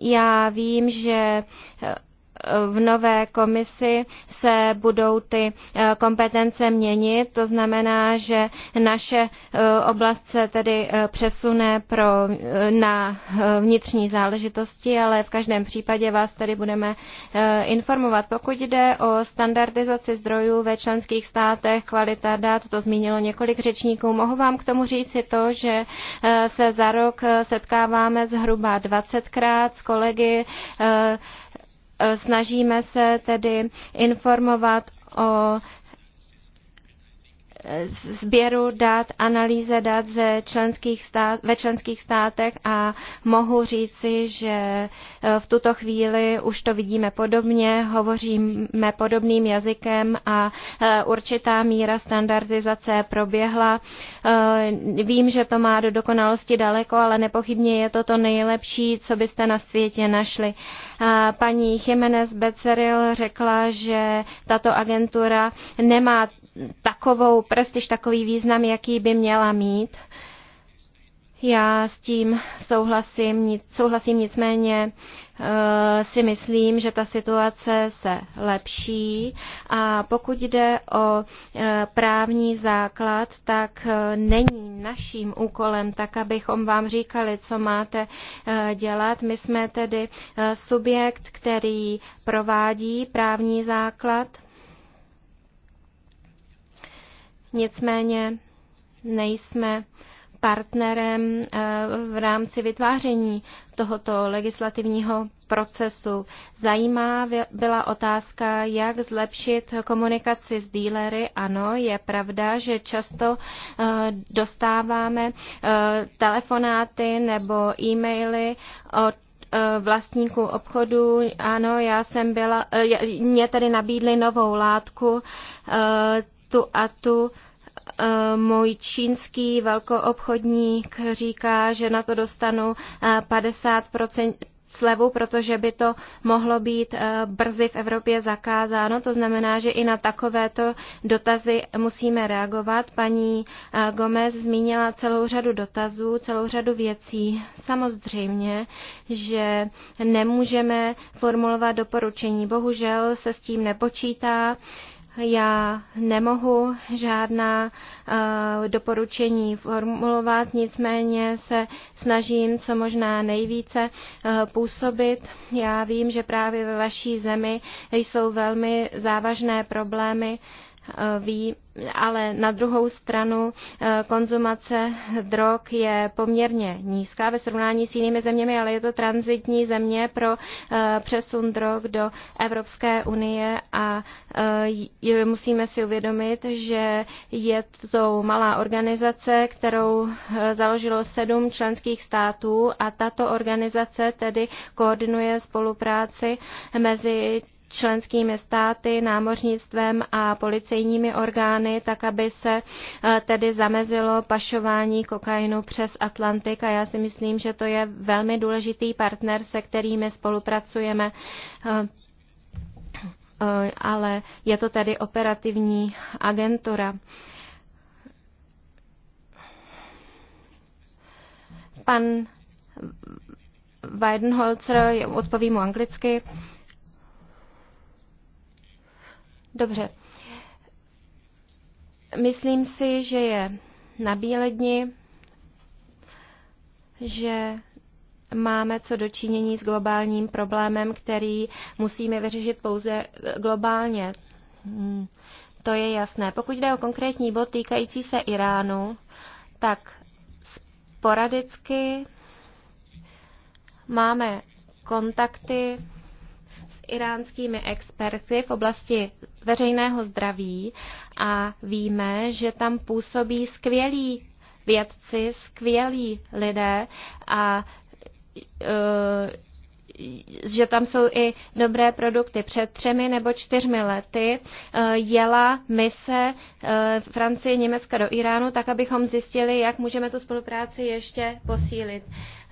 Já vím, že v nové komisi se budou ty eh, kompetence měnit, to znamená, že naše eh, oblast se tedy eh, přesune pro, na vnitřní záležitosti, ale v každém případě vás tady budeme informovat. Pokud jde o standardizaci zdrojů ve členských státech, kvalita dat, to zmínilo několik řečníků, mohu vám k tomu říci to, že se za rok setkáváme zhruba 20krát s kolegy Snažíme se tedy informovat o sběru dat, analýze dat ze členských stát, ve členských státech a mohu říci, že e, v tuto chvíli už to vidíme podobně, hovoříme podobným jazykem a e, určitá míra standardizace proběhla. E, vím, že to má do dokonalosti daleko, ale nepochybně je to to nejlepší, co byste na světě našli. Paní Jiménez Beceril řekla, že tato agentura nemá takovou prestiž, takový význam, jaký by měla mít. Já s tím souhlasím, souhlasím nicméně eh, si myslím, že ta situace se lepší a pokud jde o eh, právní základ, tak eh, není naším úkolem, tak abychom vám říkali, co máte dělat. My jsme tedy subjekt, který provádí právní základ nicméně nejsme partnerem eh, v rámci vytváření tohoto legislativního procesu. Zajímá byla otázka, jak zlepšit komunikaci s dílery. Ano, je pravda, že často eh, dostáváme eh, telefonáty nebo e-maily od vlastníků obchodu. Ano, já jsem byla, mě tedy nabídli novou látku, tu a tu. Eh, můj čínský velkoobchodník říká, že na to dostanu 50% eh, slevu, protože by to mohlo být eh, brzy v Evropě zakázáno. To znamená, že i na takovéto dotazy musíme reagovat. Paní Gomez zmínila celou řadu dotazů, celou řadu věcí. Samozřejmě, že nemůžeme formulovat doporučení. Bohužel se s tím nepočítá. Já nemohu žádná uh, doporučení formulovat, nicméně se snažím co možná nejvíce uh, působit. Já vím, že právě ve vaší zemi jsou velmi závažné problémy uh, Eh, ví, ale na druhou stranu eh, konzumace drog je poměrně nízká ve srovnání s jinými zeměmi, ale je to transitní země pro eh, přesun drog do Evropské unie a musíme si uvědomit, že je to malá organizace, kterou založilo sedm členských států a tato organizace tedy koordinuje spolupráci mezi členskými státy, námořnictvem a policejními orgány, tak aby se e, tedy zamezilo pašování kokainu přes Atlantik a já si myslím, že to je velmi důležitý partner, se kterými spolupracujeme e, e, ale je to tedy operativní agentura. Pan Weidenholzer, odpovím mu anglicky. Uh, Dobře. Myslím si, že je na dni, že máme co dočinění s globálním problémem, který musíme vyřešit pouze globálně. Hmm, to je jasné. Pokud jde o konkrétní bod týkající se Iránu, tak sporadicky máme kontakty iránskými experty v oblasti veřejného zdraví a víme, že tam působí skvělí vědci, skvělí lidé a e, že tam jsou i dobré produkty. Před třemi nebo čtyřmi lety e, jela mise e, Francie, Německa do Iránu, tak abychom zjistili, jak můžeme tu spolupráci ještě posílit.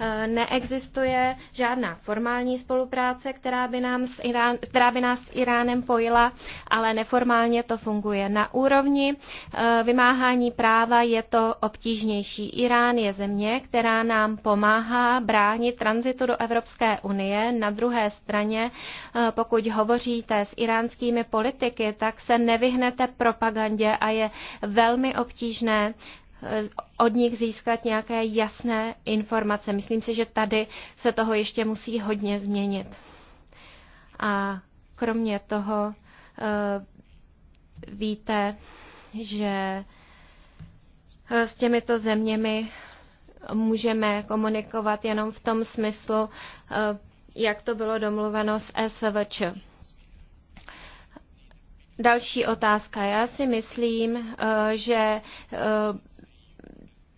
Eh, neexistuje žádná formální spolupráce, která by, nám s Irán, která by nás s Iránem pojila, ale neformálně to funguje. Na úrovni eh, vymáhání práva je to obtížnější. Irán je země, která nám pomáhá bránit tranzitu do Evropské unie. Na druhé straně, eh, pokud hovoříte s iránskými politiky, tak se nevyhnete propagandě a je velmi obtížné Eh, od nich získat nějaké jasné informace. Myslím si, že tady se toho ještě musí hodně změnit. A kromě toho eh, víte, že eh, s těmito zeměmi můžeme komunikovat jenom v tom smyslu, jak to bylo domluveno s SVČ. Další otázka. Já si myslím, že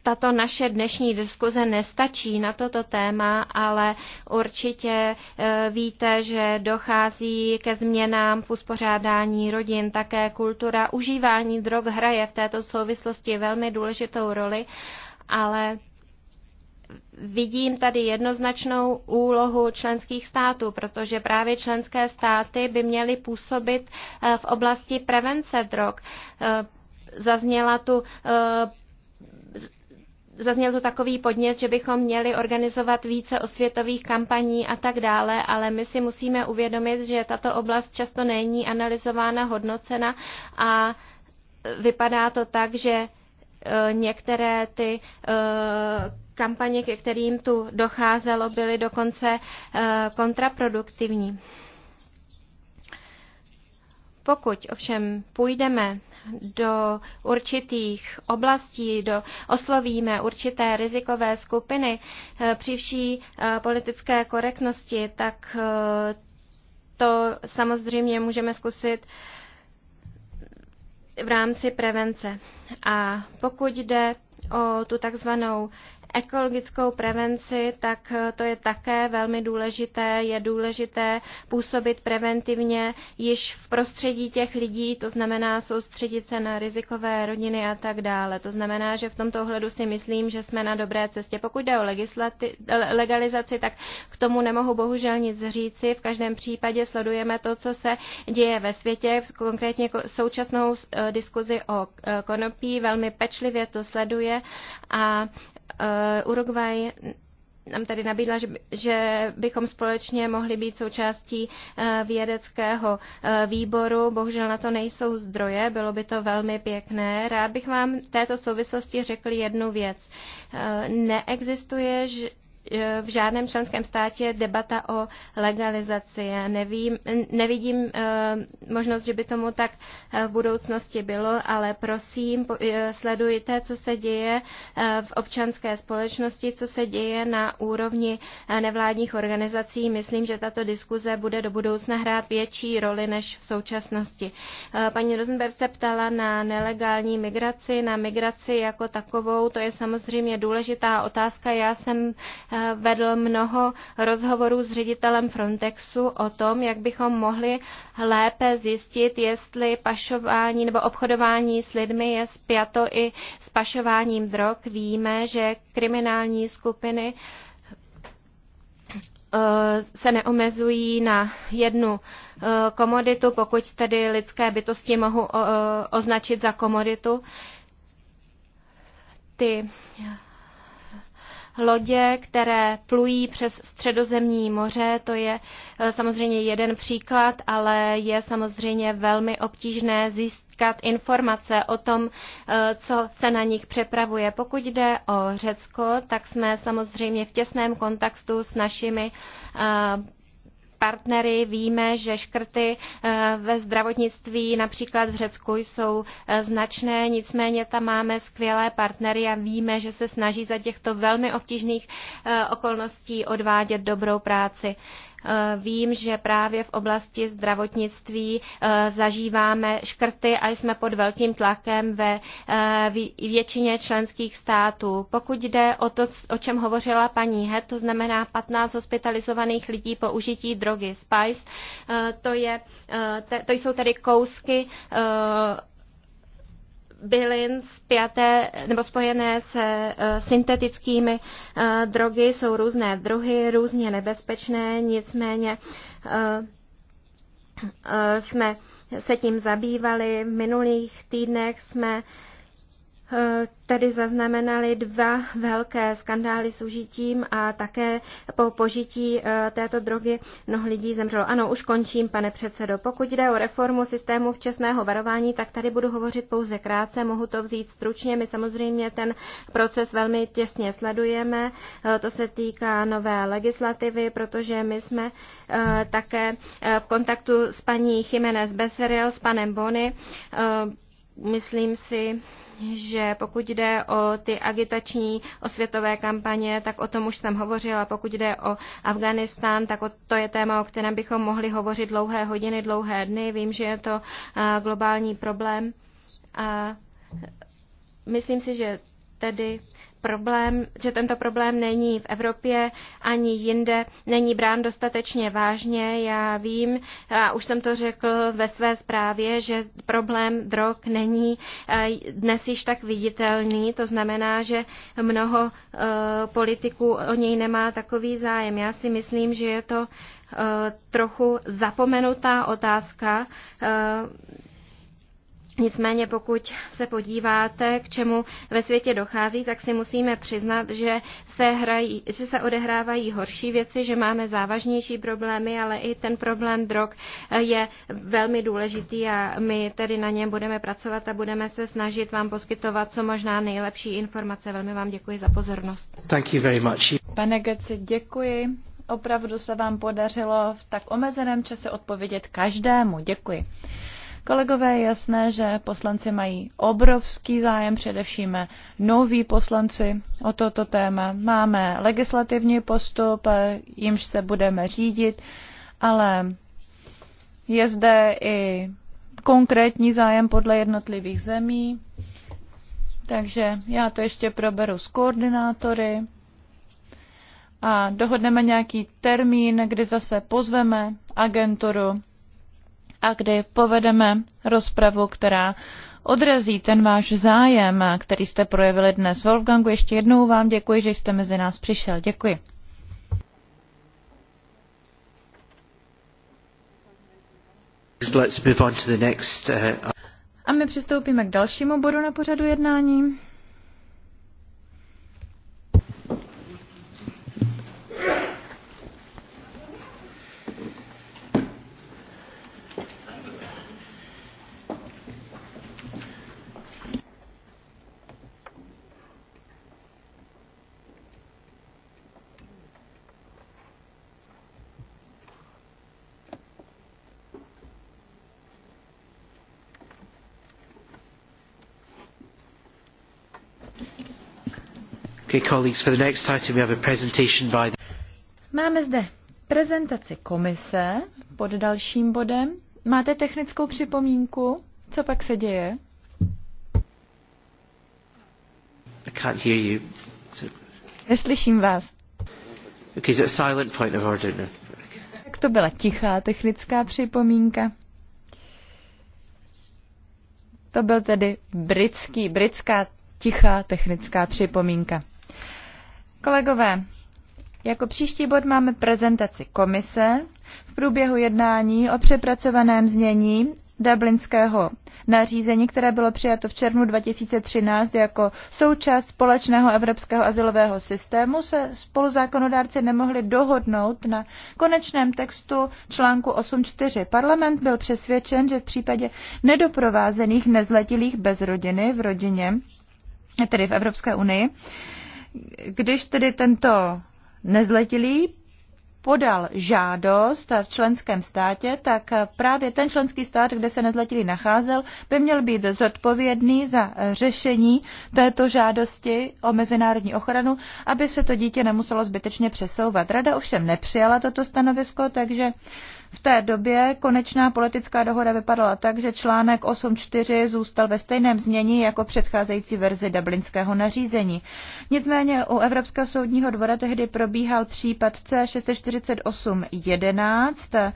tato naše dnešní diskuze nestačí na toto téma, ale určitě e, víte, že dochází ke změnám v uspořádání rodin, také kultura užívání drog hraje v této souvislosti velmi důležitou roli, ale vidím tady jednoznačnou úlohu členských států, protože právě členské státy by měly působit e, v oblasti prevence drog. E, zazněla tu zazněl tu takový podnět, že bychom měli organizovat více osvětových kampaní a tak dále, ale my si musíme uvědomit, že tato oblast často není analyzována, hodnocena a vypadá to tak, že e, některé ty e, kampaně, ke kterým tu docházelo, byly dokonce e, kontraproduktivní. Pokud ovšem půjdeme do určitých oblastí, do, oslovíme určité rizikové skupiny eh, při vší eh, politické korektnosti, tak eh, to samozřejmě můžeme zkusit v rámci prevence. A pokud jde o tu takzvanou ekologickou prevenci, tak eh, to je také velmi důležité. Je důležité působit preventivně již v prostředí těch lidí, to znamená soustředit se na rizikové rodiny a tak dále. To znamená, že v tomto ohledu si myslím, že jsme na dobré cestě. Pokud jde o legalizaci, tak k tomu nemohu bohužel nic říci. V každém případě sledujeme to, co se děje ve světě, konkrétně současnou eh, diskuzi o eh, konopí, velmi pečlivě to sleduje a Eh, Uruguay nám tady nabídla, že, že bychom společně mohli být součástí eh, vědeckého eh, výboru. Bohužel na to nejsou zdroje, bylo by to velmi pěkné. Rád bych vám v této souvislosti řekl jednu věc. Neexistuje v žádném členském státě debata o legalizaci. Já nevím, nevidím eh, možnost, že by tomu tak eh, v budoucnosti bylo, ale prosím, eh, sledujte, co se děje v občanské společnosti, co se děje na úrovni nevládních organizací. Myslím, že tato diskuze bude do budoucna hrát větší roli než v současnosti. Paní Rosenberg se ptala na nelegální migraci, na migraci jako takovou. To je samozřejmě důležitá otázka. Já jsem Eh, vedl mnoho rozhovorů s ředitelem Frontexu o tom, jak bychom mohli lépe zjistit, jestli pašování nebo obchodování s lidmi je spjato i s pašováním drog. Víme, že kriminální skupiny eh, se neomezují na jednu eh, komoditu, pokud tedy lidské bytosti mohu označit za komoditu. Ty lodě, které plují přes středozemní moře. To je eh, samozřejmě jeden příklad, ale je samozřejmě velmi obtížné získat informace o tom, eh, co se na nich přepravuje. Pokud jde o Řecko, tak jsme samozřejmě v těsném kontaktu s našimi eh, partnery. Víme, že škrty eh, ve zdravotnictví například v Řecku jsou eh, značné, nicméně tam máme skvělé partnery a víme, že se snaží za těchto velmi obtížných eh, okolností odvádět dobrou práci. Eh, vím, že právě v oblasti zdravotnictví eh, zažíváme škrty a jsme pod velkým tlakem ve eh, většině členských států. Pokud jde o to, o čem hovořila paní Het, to znamená 15 hospitalizovaných lidí po užití drogy Spice, to, je, to jsou tedy kousky bylin spjaté nebo spojené se e, syntetickými e, drogy jsou různé druhy, různě nebezpečné, nicméně e, jsme se tím zabývali. V minulých týdnech jsme Eh, tedy zaznamenali dva velké skandály s užitím a také po požití eh, této drogy mnoho lidí zemřelo. Ano, už končím, pane předsedo. Pokud jde o reformu systému včasného varování, tak tady budu hovořit pouze krátce, mohu to vzít stručně. My samozřejmě ten proces velmi těsně sledujeme. Eh, to se týká nové legislativy, protože my jsme také v kontaktu s paní Jiménez Beseril, s panem Bony Myslím si, že pokud jde o ty agitační osvětové kampaně, tak o tom už jsem hovořila. Pokud jde o Afganistán, tak to je téma, o kterém bychom mohli hovořit dlouhé hodiny, dlouhé dny. Vím, že je to globální problém. A myslím si, že tedy problém, že tento problém není v Evropě ani jinde, není brán dostatečně vážně. Já vím, a už jsem to řekl ve své zprávě, že problém drog není eh, dnes již tak viditelný. To znamená, že mnoho eh, politiků o něj nemá takový zájem. Já si myslím, že je to eh, trochu zapomenutá otázka Nicméně pokud se podíváte, k čemu ve světě dochází, tak si musíme přiznat, že se, hrají, že se odehrávají horší věci, že máme závažnější problémy, ale i ten problém drog eh, je velmi důležitý a my tedy na něm budeme pracovat a budeme se snažit vám poskytovat co možná nejlepší informace. Velmi vám děkuji za pozornost. Thank you very much. Pane Geci, děkuji. Opravdu se vám podařilo v tak omezeném čase odpovědět každému. Děkuji. Kolegové, je jasné, že poslanci mají obrovský zájem, především noví poslanci o toto téma. Máme legislativní postup, jimž se budeme řídit, ale je zde i konkrétní zájem podle jednotlivých zemí. Takže já to ještě proberu s koordinátory a dohodneme nějaký termín, kdy zase pozveme agenturu a kdy povedeme rozpravu, která odrazí ten váš zájem, který jste projevili dnes. Wolfgangu, ještě jednou vám děkuji, že jste mezi nás přišel. Děkuji. Uh, a my přistoupíme k dalšímu bodu na pořadu jednání. Máme zde prezentaci komise pod dalším bodem. Máte technickou připomínku? Co pak se děje? I can't hear you. Neslyším vás. Okay, is it a silent point of order? No? Tak to byla tichá technická připomínka. To byl tedy britský, britská tichá technická připomínka. Kolegové, jako příští bod máme prezentaci komise v průběhu jednání o přepracovaném znění dublinského nařízení, které bylo přijato v červnu 2013 jako součást společného evropského asilového systému, se spoluzákonodárci nemohli dohodnout na konečném textu článku 8.4. Parlament byl přesvědčen, že v případě nedoprovázených nezletilých bez rodiny v rodině, tedy v Evropské unii, když tedy tento nezletilý podal žádost v členském státě, tak právě ten členský stát, kde se nezletilý nacházel, by měl být zodpovědný za řešení této žádosti o mezinárodní ochranu, aby se to dítě nemuselo zbytečně přesouvat. Rada ovšem nepřijala toto stanovisko, takže v té době konečná politická dohoda vypadala tak, že článek 8.4 zůstal ve stejném znění jako předcházející verzi dublinského nařízení. Nicméně u Evropského soudního dvora tehdy probíhal případ C648.11,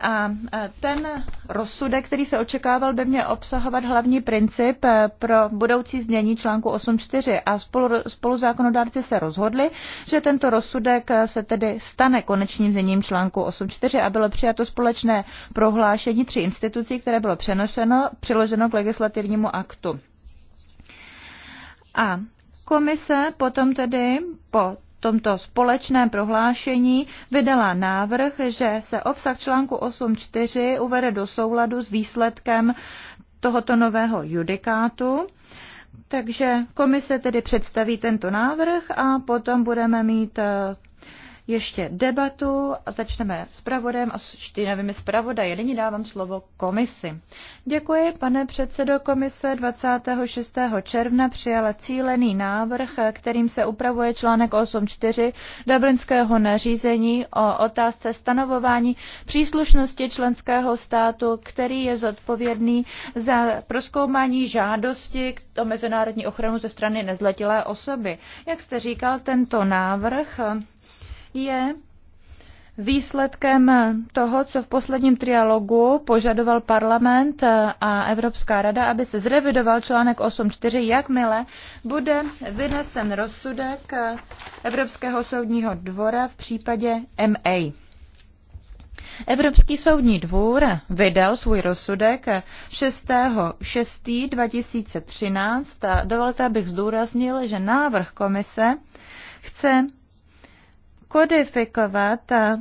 a e, ten rozsudek, který se očekával, by měl obsahovat hlavní princip e, pro budoucí změní článku 8.4 a spolu, spoluzákonodárci se rozhodli, že tento rozsudek e, se tedy stane konečným zněním článku 8.4 a bylo přijato společné prohlášení tři institucí, které bylo přenošeno, přiloženo k legislativnímu aktu. A komise potom tedy po tomto společném prohlášení vydala návrh, že se obsah článku 8.4 uvede do souladu s výsledkem tohoto nového judikátu. Takže komise tedy představí tento návrh a potom budeme mít eh, ještě debatu a začneme s pravodem a s čtyřnavými zpravodaji. Nyní dávám slovo komisi. Děkuji, pane předsedo komise. 26. června přijala cílený návrh, kterým se upravuje článek 8.4 Dublinského nařízení o otázce stanovování příslušnosti členského státu, který je zodpovědný za proskoumání žádosti o mezinárodní ochranu ze strany nezletilé osoby. Jak jste říkal, tento návrh je výsledkem toho, co v posledním trialogu požadoval parlament a Evropská rada, aby se zrevidoval článek 8.4, jakmile bude vynesen rozsudek Evropského soudního dvora v případě MA. Evropský soudní dvůr vydal svůj rozsudek 6.6.2013 a dovolte, abych zdůraznil, že návrh komise chce kodifikovat eh,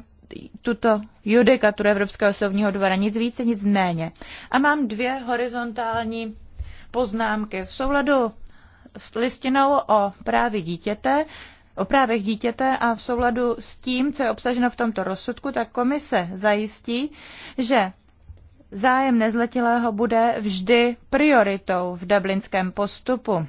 tuto judikaturu Evropského soudního dvora, nic více, nic méně. A mám dvě horizontální poznámky. V souladu s listinou o právě dítěte, o právech dítěte a v souladu s tím, co je obsaženo v tomto rozsudku, tak komise zajistí, že zájem nezletilého bude vždy prioritou v dublinském postupu.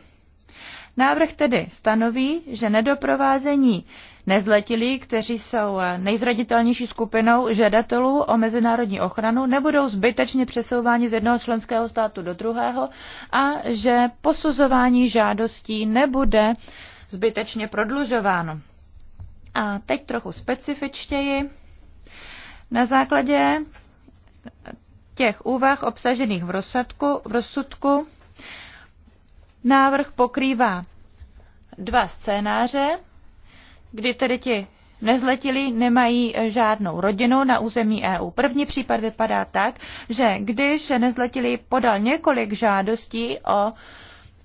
Návrh tedy stanoví, že nedoprovázení nezletilí, kteří jsou eh, nejzraditelnější skupinou žadatelů o mezinárodní ochranu, nebudou zbytečně přesouváni z jednoho členského státu do druhého a že posuzování žádostí nebude zbytečně prodlužováno. A teď trochu specifičtěji. Na základě těch úvah obsažených v rozsudku, v rozsudku návrh pokrývá dva scénáře kdy tedy ti nezletili nemají eh, žádnou rodinu na území EU. První případ vypadá tak, že když nezletili podal několik žádostí o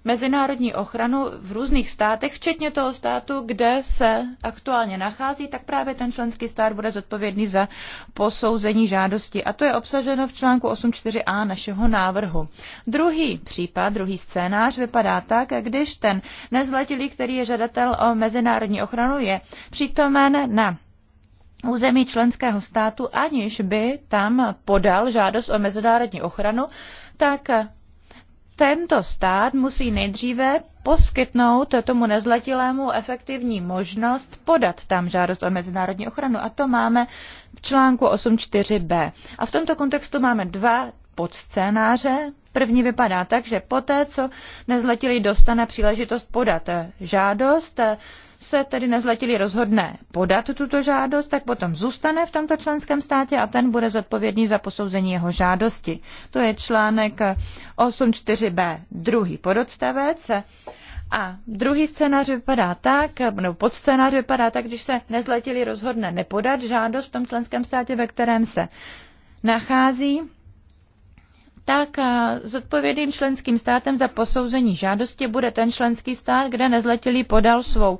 mezinárodní ochranu v různých státech, včetně toho státu, kde se aktuálně nachází, tak právě ten členský stát bude zodpovědný za posouzení žádosti. A to je obsaženo v článku 8.4a našeho návrhu. Druhý případ, druhý scénář vypadá tak, když ten nezletilý, který je žadatel o mezinárodní ochranu, je přítomen na území členského státu, aniž by tam podal žádost o mezinárodní ochranu, tak tento stát musí nejdříve poskytnout tomu nezletilému efektivní možnost podat tam žádost o mezinárodní ochranu. A to máme v článku 8.4b. A v tomto kontextu máme dva podscénáře. První vypadá tak, že poté, co nezletilý dostane příležitost podat žádost, se tedy nezletili rozhodne podat tuto žádost, tak potom zůstane v tomto členském státě a ten bude zodpovědný za posouzení jeho žádosti. To je článek 8.4b, druhý pododstavec. A druhý scénář vypadá tak, nebo podscénář vypadá tak, když se nezletili rozhodne nepodat žádost v tom členském státě, ve kterém se nachází, tak eh, zodpovědným členským státem za posouzení žádosti bude ten členský stát, kde nezletilý podal svou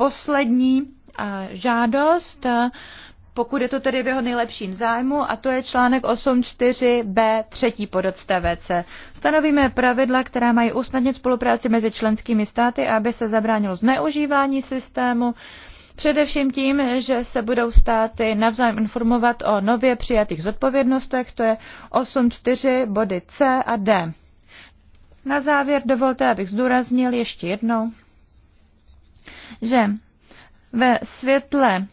poslední eh, žádost, eh, pokud je to tedy v jeho nejlepším zájmu, a to je článek 8.4b, třetí pododstavec. Stanovíme pravidla, která mají usnadnit spolupráci mezi členskými státy, aby se zabránilo zneužívání systému, především tím, že se budou státy navzájem informovat o nově přijatých zodpovědnostech, to je 8.4 body C a D. Na závěr dovolte, abych zdůraznil ještě jednou, že ve světle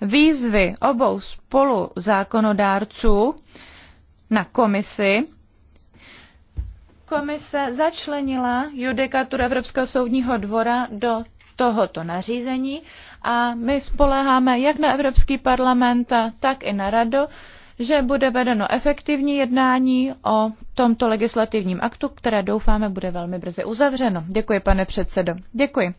výzvy obou spolu zákonodárců na komisi, komise začlenila judikaturu Evropského soudního dvora do tohoto nařízení a my spoleháme jak na Evropský parlament, tak i na rado, že bude vedeno efektivní jednání o tomto legislativním aktu, které doufáme bude velmi brzy uzavřeno. Děkuji, pane předsedo. Děkuji.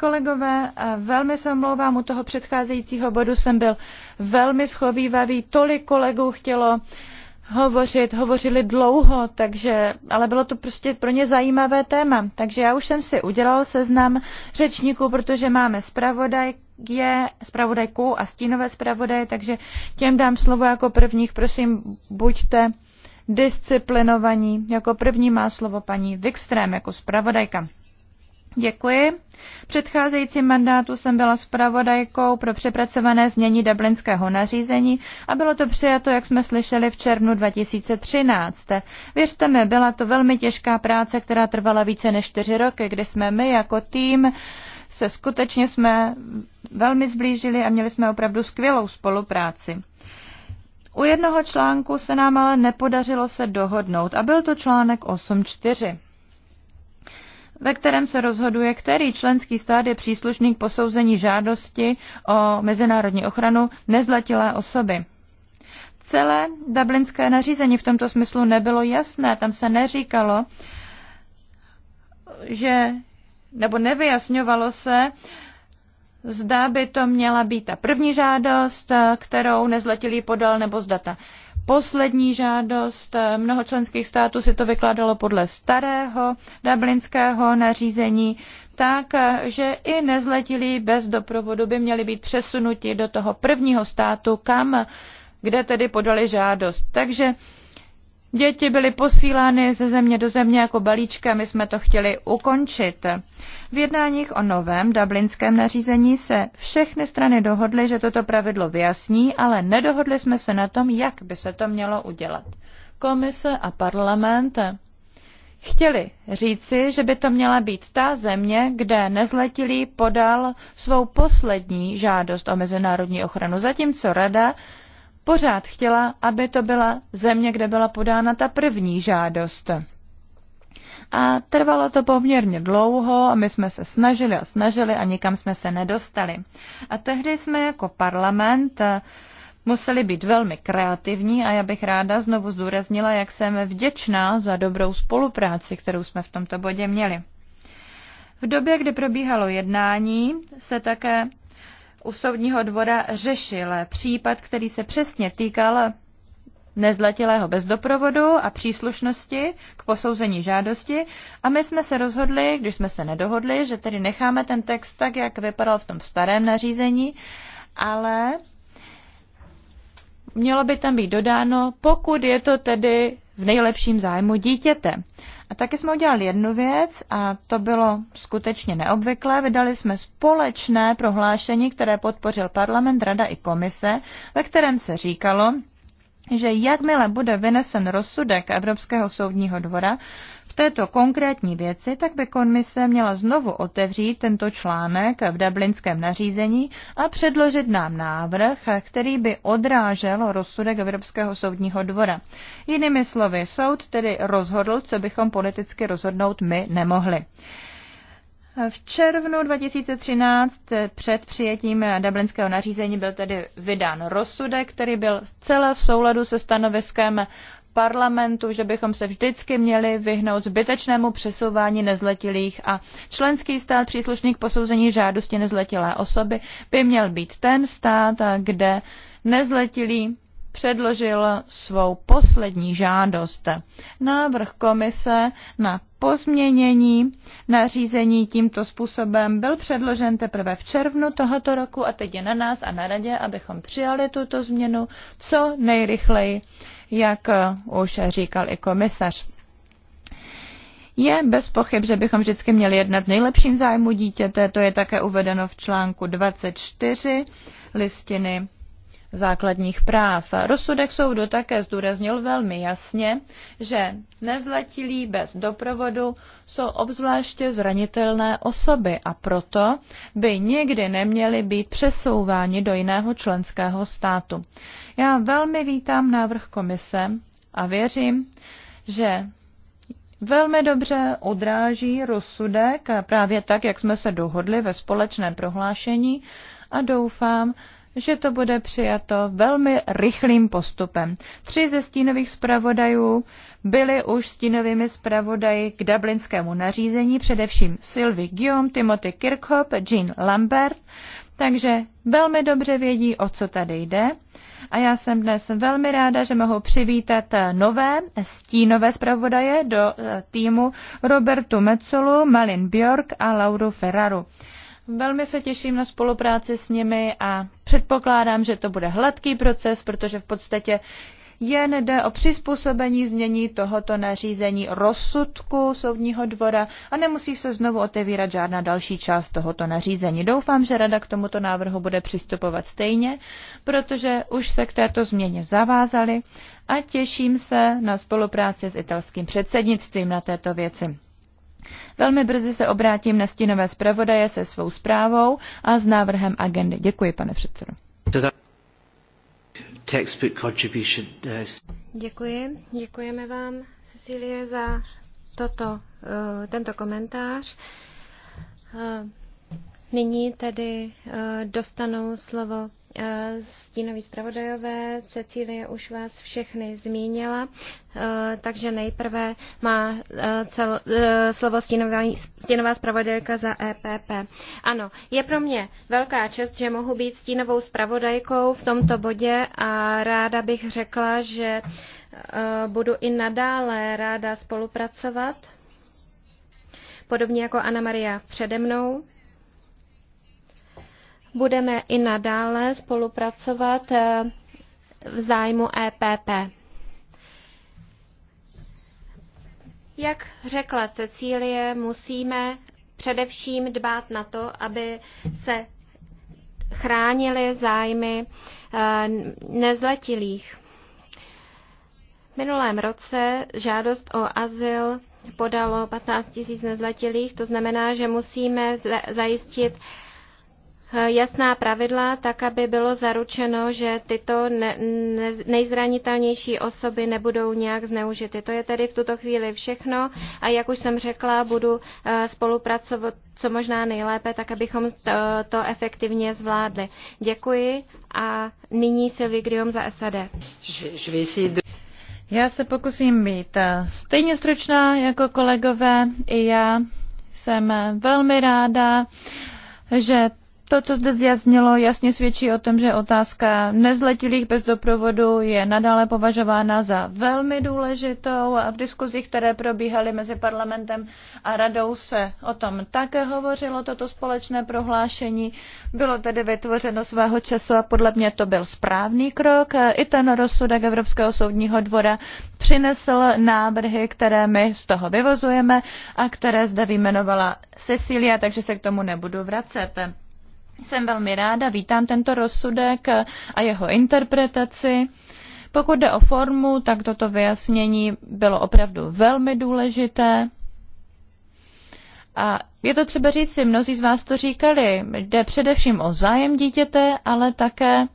Kolegové, velmi se omlouvám, u toho předcházejícího bodu jsem byl velmi schovývavý, tolik kolegů chtělo hovořit, hovořili dlouho, takže, ale bylo to prostě pro ně zajímavé téma. Takže já už jsem si udělal seznam řečníků, protože máme zpravodaj, je zpravodajku a stínové zpravodaje, takže těm dám slovo jako prvních. Prosím, buďte disciplinovaní. Jako první má slovo paní Wikström jako zpravodajka. Děkuji. V předcházejícím mandátu jsem byla zpravodajkou pro přepracované změní dublinského nařízení a bylo to přijato, jak jsme slyšeli, v červnu 2013. Věřte mi, byla to velmi těžká práce, která trvala více než čtyři roky, kdy jsme my jako tým se skutečně jsme velmi zblížili a měli jsme opravdu skvělou spolupráci. U jednoho článku se nám ale nepodařilo se dohodnout a byl to článek 8.4 ve kterém se rozhoduje, který členský stát je příslušný k posouzení žádosti o mezinárodní ochranu nezletilé osoby. Celé dublinské nařízení v tomto smyslu nebylo jasné, tam se neříkalo, že nebo nevyjasňovalo se, zda by to měla být ta první žádost, kterou nezletilý podal, nebo zda ta poslední žádost. Mnoho členských států si to vykládalo podle starého dublinského nařízení, tak, že i nezletilí bez doprovodu by měli být přesunuti do toho prvního státu, kam, kde tedy podali žádost. Takže Děti byly posílány ze země do země jako balíčka, my jsme to chtěli ukončit. V jednáních o novém dublinském nařízení se všechny strany dohodly, že toto pravidlo vyjasní, ale nedohodli jsme se na tom, jak by se to mělo udělat. Komise a parlament chtěli říci, že by to měla být ta země, kde nezletilý podal svou poslední žádost o mezinárodní ochranu, zatímco rada pořád chtěla, aby to byla země, kde byla podána ta první žádost. A trvalo to poměrně dlouho a my jsme se snažili a snažili a nikam jsme se nedostali. A tehdy jsme jako parlament eh, museli být velmi kreativní a já bych ráda znovu zdůraznila, jak jsem vděčná za dobrou spolupráci, kterou jsme v tomto bodě měli. V době, kdy probíhalo jednání, se také u soudního dvora řešil případ, který se přesně týkal nezletilého bez doprovodu a příslušnosti k posouzení žádosti. A my jsme se rozhodli, když jsme se nedohodli, že tedy necháme ten text tak, jak vypadal v tom starém nařízení, ale mělo by tam být dodáno, pokud je to tedy v nejlepším zájmu dítěte. A taky jsme udělali jednu věc a to bylo skutečně neobvyklé. Vydali jsme společné prohlášení, které podpořil parlament, rada i komise, ve kterém se říkalo, že jakmile bude vynesen rozsudek Evropského soudního dvora, této konkrétní věci, tak by komise měla znovu otevřít tento článek v dublinském nařízení a předložit nám návrh, který by odrážel rozsudek Evropského soudního dvora. Jinými slovy, soud tedy rozhodl, co bychom politicky rozhodnout my nemohli. V červnu 2013 před přijetím dublinského nařízení byl tedy vydán rozsudek, který byl celé v souladu se stanoviskem parlamentu, že bychom se vždycky měli vyhnout zbytečnému přesouvání nezletilých a členský stát příslušník posouzení žádosti nezletilé osoby by měl být ten stát, kde nezletilý předložil svou poslední žádost. Návrh komise na pozměnění nařízení tímto způsobem byl předložen teprve v červnu tohoto roku a teď je na nás a na radě, abychom přijali tuto změnu co nejrychleji, jak už říkal i komisař. Je bez pochyb, že bychom vždycky měli jednat v nejlepším zájmu dítěte, to je také uvedeno v článku 24 listiny základních práv. Rozsudek soudu také zdůraznil velmi jasně, že nezletilí bez doprovodu jsou obzvláště zranitelné osoby a proto by nikdy neměly být přesouváni do jiného členského státu. Já velmi vítám návrh komise a věřím, že velmi dobře odráží rozsudek právě tak, jak jsme se dohodli ve společném prohlášení a doufám, že to bude přijato velmi rychlým postupem. Tři ze stínových zpravodajů byli už stínovými zpravodaji k dublinskému nařízení, především Sylvie Guillaume, Timothy Kirkhope, Jean Lambert, takže velmi dobře vědí, o co tady jde. A já jsem dnes velmi ráda, že mohu přivítat nové stínové zpravodaje do eh, týmu Robertu Mecolu, Malin Björk a Lauru Ferraru. Velmi se těším na spolupráci s nimi a Předpokládám, že to bude hladký proces, protože v podstatě jen jde o přizpůsobení znění tohoto nařízení rozsudku soudního dvora a nemusí se znovu otevírat žádná další část tohoto nařízení. Doufám, že Rada k tomuto návrhu bude přistupovat stejně, protože už se k této změně zavázali a těším se na spolupráci s italským předsednictvím na této věci. Velmi brzy se obrátím na stínové zpravodaje se svou zprávou a s návrhem agendy. Děkuji, pane předsedo. Uh, Děkuji. Děkujeme vám, Cecílie, za toto, uh, tento komentář. Uh, nyní tedy dostanou slovo Eh, stínoví zpravodajové. Cecílie už vás všechny zmínila, eh, takže nejprve má eh, celo, slovo stínová, stínová zpravodajka za EPP. Ano, je pro mě velká čest, že mohu být stínovou zpravodajkou v tomto bodě a ráda bych řekla, že budu i nadále ráda spolupracovat, podobně jako Anna Maria přede mnou budeme i nadále spolupracovat eh, v zájmu EPP. Jak řekla Cecílie, musíme především dbát na to, aby se chránili zájmy eh, nezletilých. V minulém roce žádost o azyl podalo 15 000 nezletilých, to znamená, že musíme zajistit Eh, jasná pravidla, tak aby bylo zaručeno, že tyto ne, ne, nejzranitelnější osoby nebudou nějak zneužity. To je tedy v tuto chvíli všechno a jak už jsem řekla, budu eh, spolupracovat co možná nejlépe, tak abychom to, eh, to efektivně zvládli. Děkuji a nyní Sylvie Griom za SAD. Já se pokusím být stejně stručná jako kolegové. I já jsem velmi ráda, že to, co zde zjasnilo, jasně svědčí o tom, že otázka nezletilých bez doprovodu je nadále považována za velmi důležitou a v diskuzích, které probíhaly mezi parlamentem a radou, se o tom také hovořilo. Toto společné prohlášení bylo tedy vytvořeno svého času a podle mě to byl správný krok. I ten rozsudek Evropského soudního dvora přinesl návrhy, které my z toho vyvozujeme a které zde vyjmenovala Cecilia, takže se k tomu nebudu vracet. Jsem velmi ráda, vítám tento rozsudek a jeho interpretaci. Pokud jde o formu, tak toto vyjasnění bylo opravdu velmi důležité. A je to třeba říct si, mnozí z vás to říkali, jde především o zájem dítěte, ale také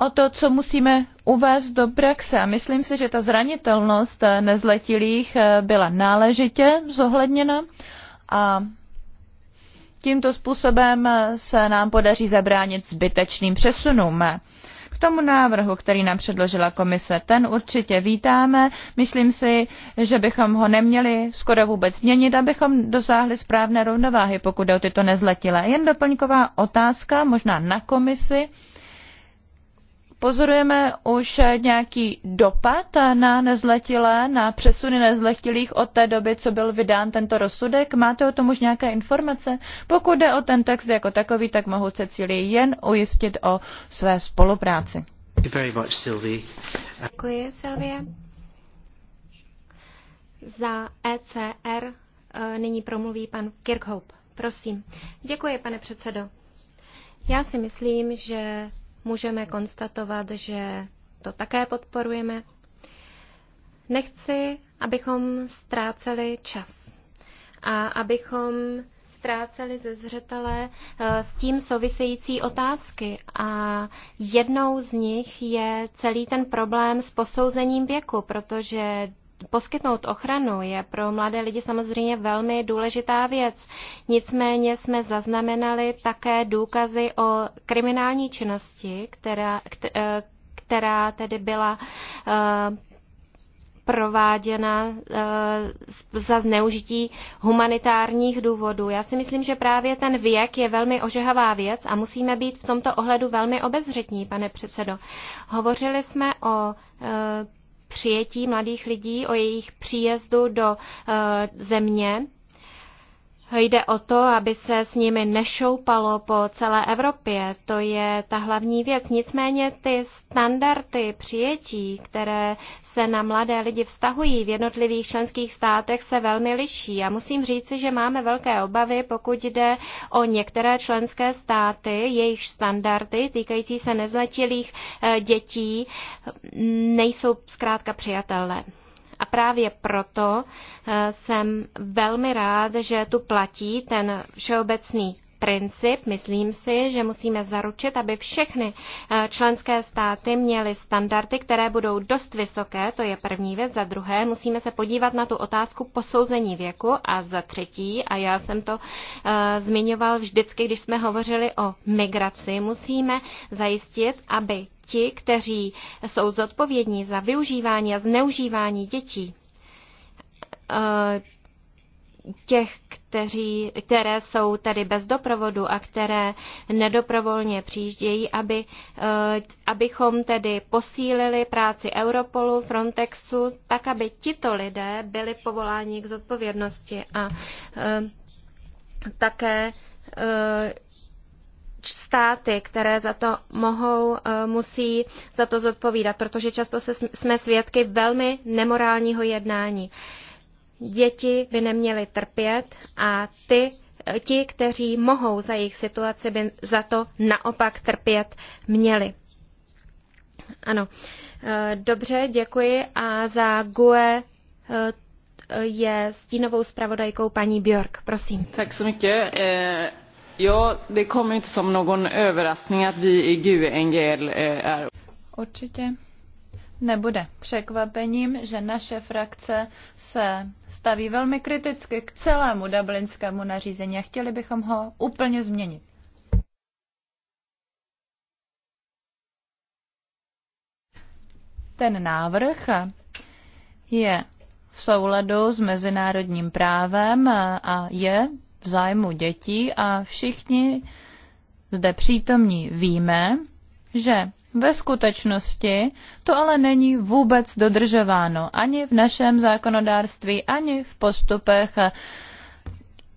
o to, co musíme uvést do praxe. A myslím si, že ta zranitelnost nezletilých byla náležitě zohledněna a Tímto způsobem se nám podaří zabránit zbytečným přesunům. K tomu návrhu, který nám předložila komise, ten určitě vítáme. Myslím si, že bychom ho neměli skoro vůbec měnit, abychom dosáhli správné rovnováhy, pokud jde o tyto nezletilé. Jen doplňková otázka, možná na komisi Pozorujeme už nějaký dopad na nezletilé, na přesuny nezletilých od té doby, co byl vydán tento rozsudek? Máte o tom už nějaké informace? Pokud jde o ten text jako takový, tak mohu Cecílii jen ujistit o své spolupráci. Děkuji, Silvie. Za ECR eh, nyní promluví pan Kirkhope. Prosím. Děkuji, pane předsedo. Já si myslím, že můžeme konstatovat, že to také podporujeme. Nechci, abychom ztráceli čas a abychom ztráceli ze zřetele eh, s tím související otázky a jednou z nich je celý ten problém s posouzením věku, protože poskytnout ochranu je pro mladé lidi samozřejmě velmi důležitá věc. Nicméně jsme zaznamenali také důkazy o kriminální činnosti, která, eh, která tedy byla eh, prováděna eh, za zneužití humanitárních důvodů. Já si myslím, že právě ten věk je velmi ožehavá věc a musíme být v tomto ohledu velmi obezřetní, pane předsedo. Hovořili jsme o přijetí mladých lidí, o jejich příjezdu do eh, země Jde o to, aby se s nimi nešoupalo po celé Evropě, to je ta hlavní věc. Nicméně ty standardy přijetí, které se na mladé lidi vztahují v jednotlivých členských státech, se velmi liší. A musím říci, že máme velké obavy, pokud jde o některé členské státy, jejich standardy týkající se nezletilých eh, dětí mm, nejsou zkrátka přijatelné. A právě proto eh, jsem velmi rád, že tu platí ten všeobecný princip. Myslím si, že musíme zaručit, aby všechny eh, členské státy měly standardy, které budou dost vysoké, to je první věc. Za druhé, musíme se podívat na tu otázku posouzení věku a za třetí, a já jsem to eh, zmiňoval vždycky, když jsme hovořili o migraci, musíme zajistit, aby ti, kteří jsou zodpovědní za využívání a zneužívání dětí, eh, těch, kteří, které jsou tady bez doprovodu a které nedoprovolně přijíždějí, aby, eh, abychom tedy posílili práci Europolu, Frontexu, tak, aby tito lidé byli povoláni k zodpovědnosti a eh, také státy, které za to mohou, eh, musí za to zodpovídat, protože často se, jsme svědky velmi nemorálního jednání. Děti by neměly trpět a ty, eh, ti, kteří mohou za jejich situaci, by za to naopak trpět měli. Ano, eh, dobře, děkuji a za GUE je stínovou zpravodajkou paní Björk, prosím. Tak se mi Ja, det kommer inte som någon överraskning att vi i GUNGL eh, är... Určitě nebude překvapením, že naše frakce se staví velmi kriticky k celému dublinskému nařízení a chtěli bychom ho úplně změnit. Ten návrh je v souladu s mezinárodním právem a je v zájmu dětí a všichni zde přítomní víme, že ve skutečnosti to ale není vůbec dodržováno ani v našem zákonodárství, ani v postupech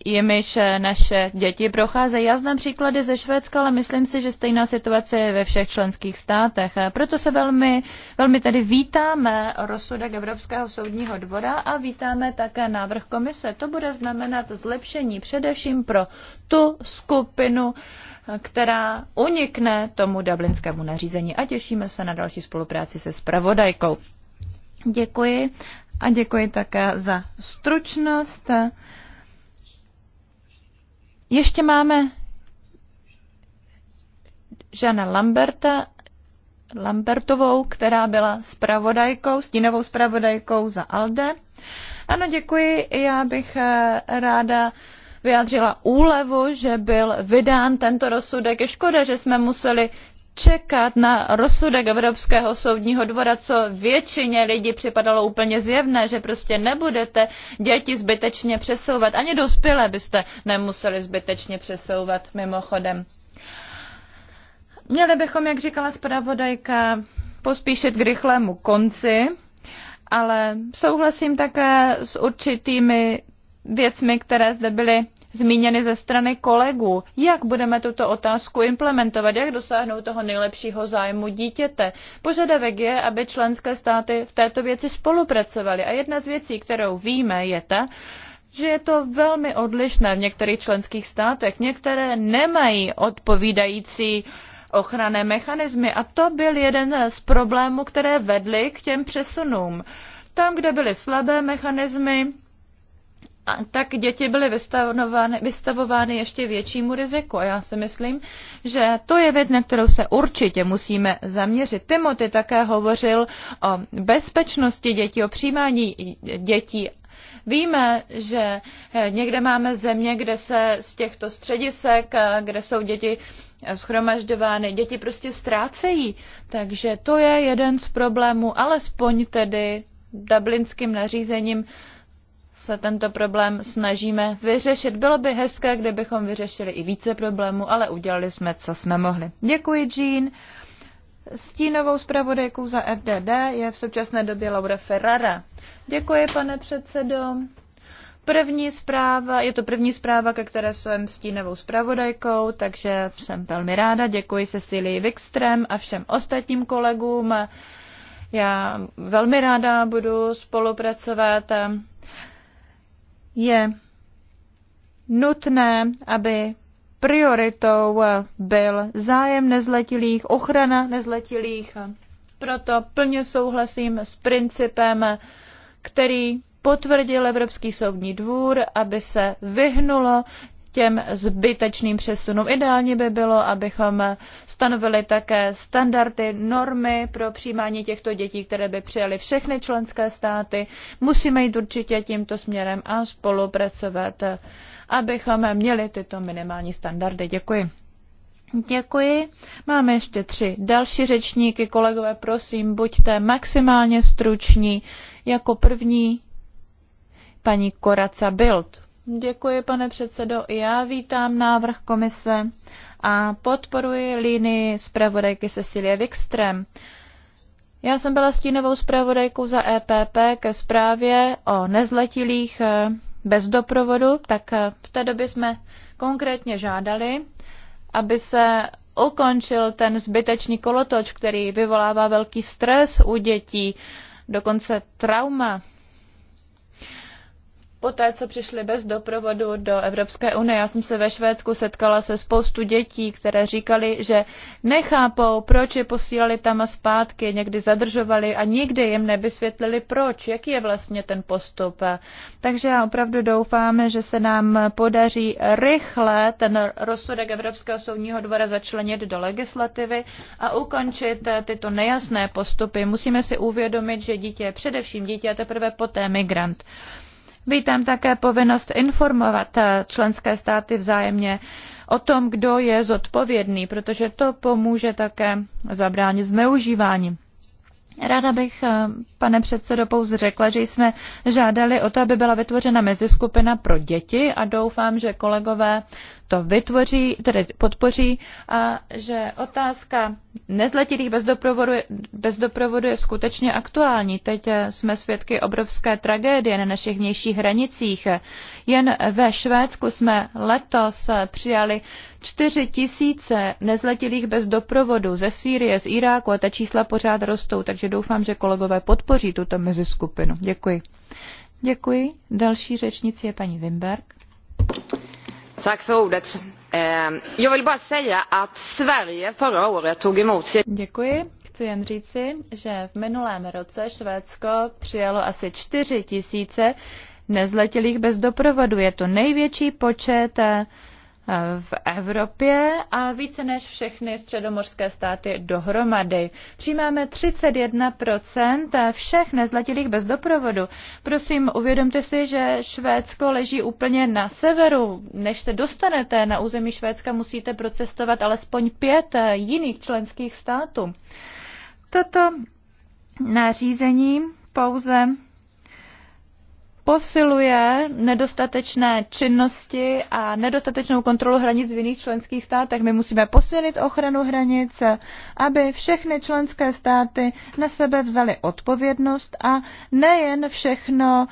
jimiž eh, naše děti procházejí. Já znám příklady ze Švédska, ale myslím si, že stejná situace je ve všech členských státech. Eh, proto se velmi, velmi tedy vítáme rozsudek Evropského soudního dvora a vítáme také návrh komise. To bude znamenat zlepšení především pro tu skupinu, eh, která unikne tomu dublinskému nařízení a těšíme se na další spolupráci se spravodajkou. Děkuji a děkuji také za stručnost. Ještě máme Žana Lamberta, Lambertovou, která byla spravodajkou, stínovou spravodajkou za ALDE. Ano, děkuji. Já bych eh, ráda vyjádřila úlevu, že byl vydán tento rozsudek. Je škoda, že jsme museli čekat na rozsudek Evropského soudního dvora, co většině lidí připadalo úplně zjevné, že prostě nebudete děti zbytečně přesouvat. Ani dospělé byste nemuseli zbytečně přesouvat, mimochodem. Měli bychom, jak říkala zpravodajka, pospíšit k rychlému konci, ale souhlasím také s určitými věcmi, které zde byly zmíněny ze strany kolegů. Jak budeme tuto otázku implementovat, jak dosáhnout toho nejlepšího zájmu dítěte? Požadavek je, aby členské státy v této věci spolupracovaly. A jedna z věcí, kterou víme, je ta, že je to velmi odlišné v některých členských státech. Některé nemají odpovídající ochranné mechanismy a to byl jeden z problémů, které vedly k těm přesunům. Tam, kde byly slabé mechanismy, tak děti byly vystavovány, vystavovány ještě většímu riziku. A já si myslím, že to je věc, na kterou se určitě musíme zaměřit. Timothy také hovořil o bezpečnosti dětí, o přijímání dětí Víme, že eh, někde máme země, kde se z těchto středisek, eh, kde jsou děti eh, schromažďovány, děti prostě ztrácejí. Takže to je jeden z problémů, alespoň tedy dublinským nařízením se tento problém snažíme vyřešit. Bylo by hezké, kdybychom vyřešili i více problémů, ale udělali jsme, co jsme mohli. Děkuji, Jean. Stínovou zpravodajkou za FDD je v současné době Laura Ferrara. Děkuji, pane předsedo. První zpráva, je to první zpráva, ke které jsem stínovou zpravodajkou, takže jsem velmi ráda. Děkuji Cecilii Wikström a všem ostatním kolegům. Já velmi ráda budu spolupracovat je nutné, aby prioritou byl zájem nezletilých, ochrana nezletilých. Proto plně souhlasím s principem, který potvrdil Evropský soudní dvůr, aby se vyhnulo těm zbytečným přesunům. Ideálně by bylo, abychom stanovili také standardy, normy pro přijímání těchto dětí, které by přijali všechny členské státy. Musíme jít určitě tímto směrem a spolupracovat, abychom měli tyto minimální standardy. Děkuji. Děkuji. Máme ještě tři další řečníky. Kolegové, prosím, buďte maximálně struční. Jako první paní Koraca Bild. Děkuji, pane předsedo. Já vítám návrh komise a podporuji línii zpravodajky Cecilie Wikström. Já jsem byla stínovou zpravodajkou za EPP ke zprávě o nezletilých eh, bez doprovodu, tak eh, v té době jsme konkrétně žádali, aby se ukončil ten zbytečný kolotoč, který vyvolává velký stres u dětí, dokonce trauma poté, co přišli bez doprovodu do Evropské unie. Já jsem se ve Švédsku setkala se spoustu dětí, které říkali, že nechápou, proč je posílali tam a zpátky, někdy zadržovali a nikdy jim nevysvětlili, proč, jaký je vlastně ten postup. Takže já opravdu doufám, že se nám podaří rychle ten rozsudek Evropského soudního dvora začlenit do legislativy a ukončit tyto nejasné postupy. Musíme si uvědomit, že dítě je především dítě a teprve poté migrant. Vítám také povinnost informovat eh, členské státy vzájemně o tom, kdo je zodpovědný, protože to pomůže také zabránit zneužívání. Ráda bych, eh, pane předsedo, pouze řekla, že jsme žádali o to, aby byla vytvořena meziskupina pro děti a doufám, že kolegové to vytvoří, tedy podpoří a že otázka nezletilých bez doprovodu, bez doprovodu je skutečně aktuální. Teď jsme svědky obrovské tragédie na našich vnějších hranicích. Jen ve Švédsku jsme letos přijali 4 tisíce nezletilých bez doprovodu ze Sýrie, z Iráku a ta čísla pořád rostou, takže doufám, že kolegové podpoří tuto meziskupinu. Děkuji. Děkuji. Další řečnici je paní Wimberg. Chci jen říci, že v minulém roce Švédsko přijalo asi 4 tisíce nezletilých bez doprovodu. Je to největší počet eh, v Evropě a více než všechny středomořské státy dohromady. Přijímáme 31% všech nezletilých bez doprovodu. Prosím, uvědomte si, že Švédsko leží úplně na severu. Než se dostanete na území Švédska, musíte procestovat alespoň pět jiných členských států. Toto nařízení pouze posiluje nedostatečné činnosti a nedostatečnou kontrolu hranic v jiných členských státech. My musíme posilit ochranu hranic, aby všechny členské státy na sebe vzaly odpovědnost a nejen všechno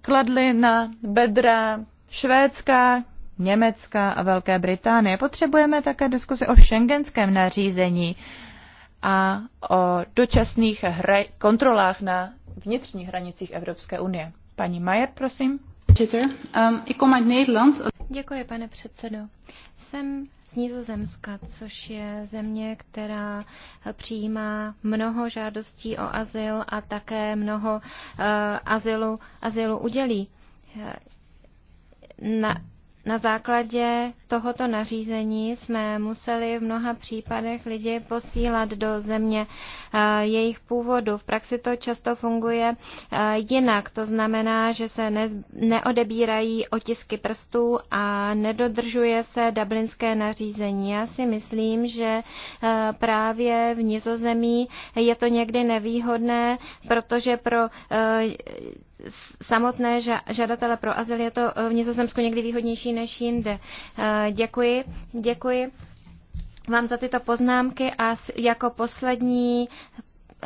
kladly na bedra Švédska, Německa a Velké Británie. Potřebujeme také diskusi o šengenském nařízení a o dočasných kontrolách na vnitřních hranicích Evropské unie. Paní Majer, prosím. Um, Děkuji, pane předsedo. Jsem z Nizozemska, což je země, která přijímá mnoho žádostí o azyl a také mnoho uh, azylu, azylu udělí. Na, na základě tohoto nařízení jsme museli v mnoha případech lidi posílat do země eh, jejich původu. V praxi to často funguje eh, jinak. To znamená, že se neodebírají otisky prstů a nedodržuje se dublinské nařízení. Já si myslím, že eh, právě v Nizozemí je to někdy nevýhodné, protože pro samotné žadatele pro azyl je to eh, v Nizozemsku někdy výhodnější než jinde. Eh, děkuji, děkuji vám za tyto poznámky a jako poslední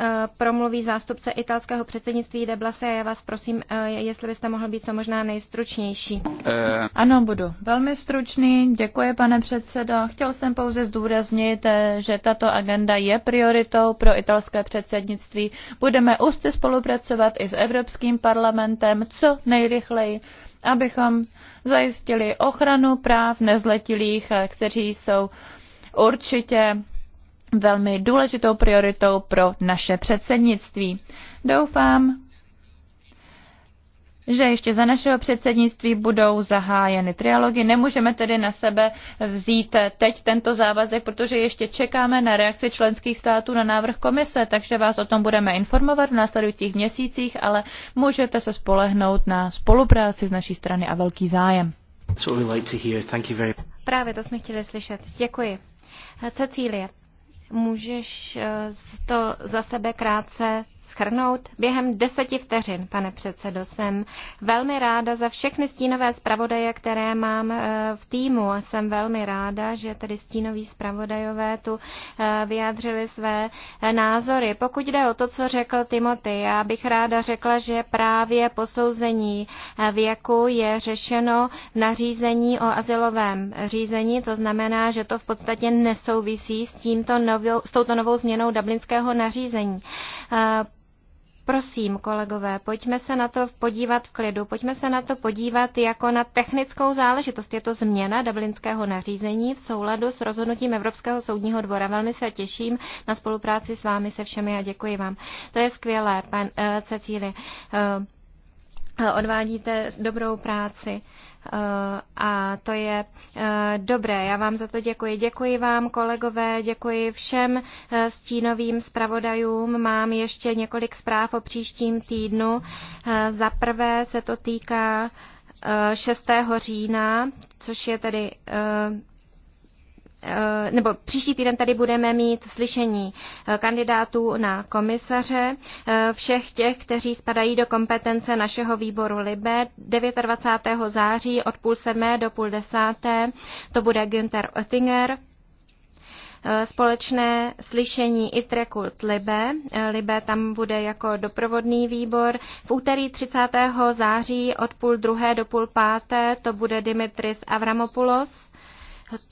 Eh, promluví zástupce italského předsednictví De Blase a já vás prosím, eh, jestli byste mohl být co možná nejstručnější. Eh. Ano, budu velmi stručný. Děkuji, pane předsedo. Chtěl jsem pouze zdůraznit, že tato agenda je prioritou pro italské předsednictví. Budeme úzce spolupracovat i s Evropským parlamentem co nejrychleji abychom zajistili ochranu práv nezletilých, kteří jsou určitě velmi důležitou prioritou pro naše předsednictví. Doufám, že ještě za našeho předsednictví budou zahájeny trialogy. Nemůžeme tedy na sebe vzít teď tento závazek, protože ještě čekáme na reakci členských států na návrh komise, takže vás o tom budeme informovat v následujících měsících, ale můžete se spolehnout na spolupráci z naší strany a velký zájem. Právě to jsme chtěli slyšet. Děkuji. Cecílie, Můžeš eh, to za sebe krátce schrnout? Během deseti vteřin, pane předsedo, jsem velmi ráda za všechny stínové zpravodaje, které mám eh, v týmu. Jsem velmi ráda, že tedy stínoví zpravodajové tu eh, vyjádřili své eh, názory. Pokud jde o to, co řekl Timothy, já bych ráda řekla, že právě posouzení věku je řešeno v nařízení o asilovém řízení. To znamená, že to v podstatě nesouvisí s, tímto novou, s touto novou změnou dublinského nařízení. Prosím, kolegové, pojďme se na to podívat v klidu, pojďme se na to podívat jako na technickou záležitost. Je to změna dublinského nařízení v souladu s rozhodnutím Evropského soudního dvora. Velmi se těším na spolupráci s vámi se všemi a děkuji vám. To je skvělé, pan uh, eh, Cecíli. Uh, eh, odvádíte dobrou práci. Uh, Eh, a to je eh, dobré. Já vám za to děkuji. Děkuji vám, kolegové, děkuji všem eh, stínovým zpravodajům. Mám ještě několik zpráv o příštím týdnu. Za prvé se to týká 6. října, což je tedy Eh, nebo příští týden tady budeme mít slyšení eh, kandidátů na komisaře, eh, všech těch, kteří spadají do kompetence našeho výboru LIBE 29. září od půl sedmé do půl desáté. To bude Günther Oettinger, společné slyšení i Trekult Libe. Libe tam bude jako doprovodný výbor. V úterý 30. září od půl druhé do půl páté to bude Dimitris Avramopoulos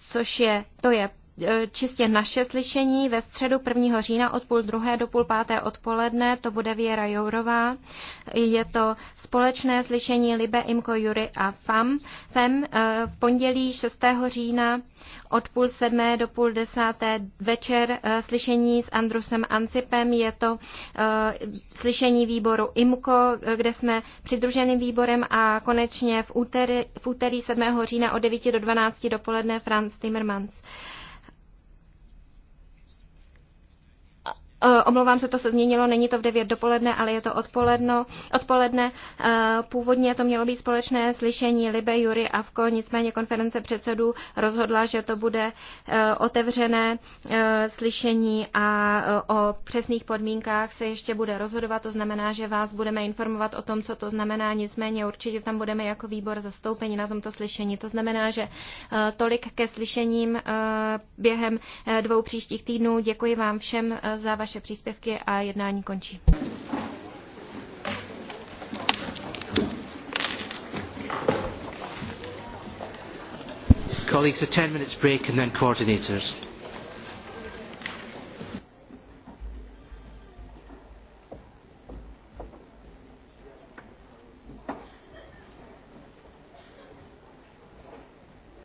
což je, to je E, čistě naše slyšení ve středu 1. října od půl druhé do půl páté odpoledne. To bude Věra Jourová. Je to společné slyšení Libe, Imko, Jury a FAM. FEM e, v pondělí 6. října od půl sedmé do půl desáté večer e, slyšení s Andrusem Ancipem. Je to slyšení výboru IMKO, kde jsme přidruženým výborem a konečně v úterý, v úterý 7. října od 9 do 12 dopoledne Franz Timmermans. Eh, omlouvám se, to se změnilo, není to v 9 dopoledne, ale je to odpoledno, odpoledne. Eh, původně to mělo být společné slyšení Libe, Jury a Vko, nicméně konference předsedů rozhodla, že to bude eh, otevřené slyšení a o přesných podmínkách se ještě bude rozhodovat, to znamená, že vás budeme informovat o tom, co to znamená, nicméně určitě tam budeme jako výbor zastoupeni na tomto slyšení. To znamená, že tolik ke slyšením během dvou příštích týdnů. Děkuji vám všem za vaši vaše příspěvky a jednání končí. Colleagues, a 10 minutes break and then coordinators.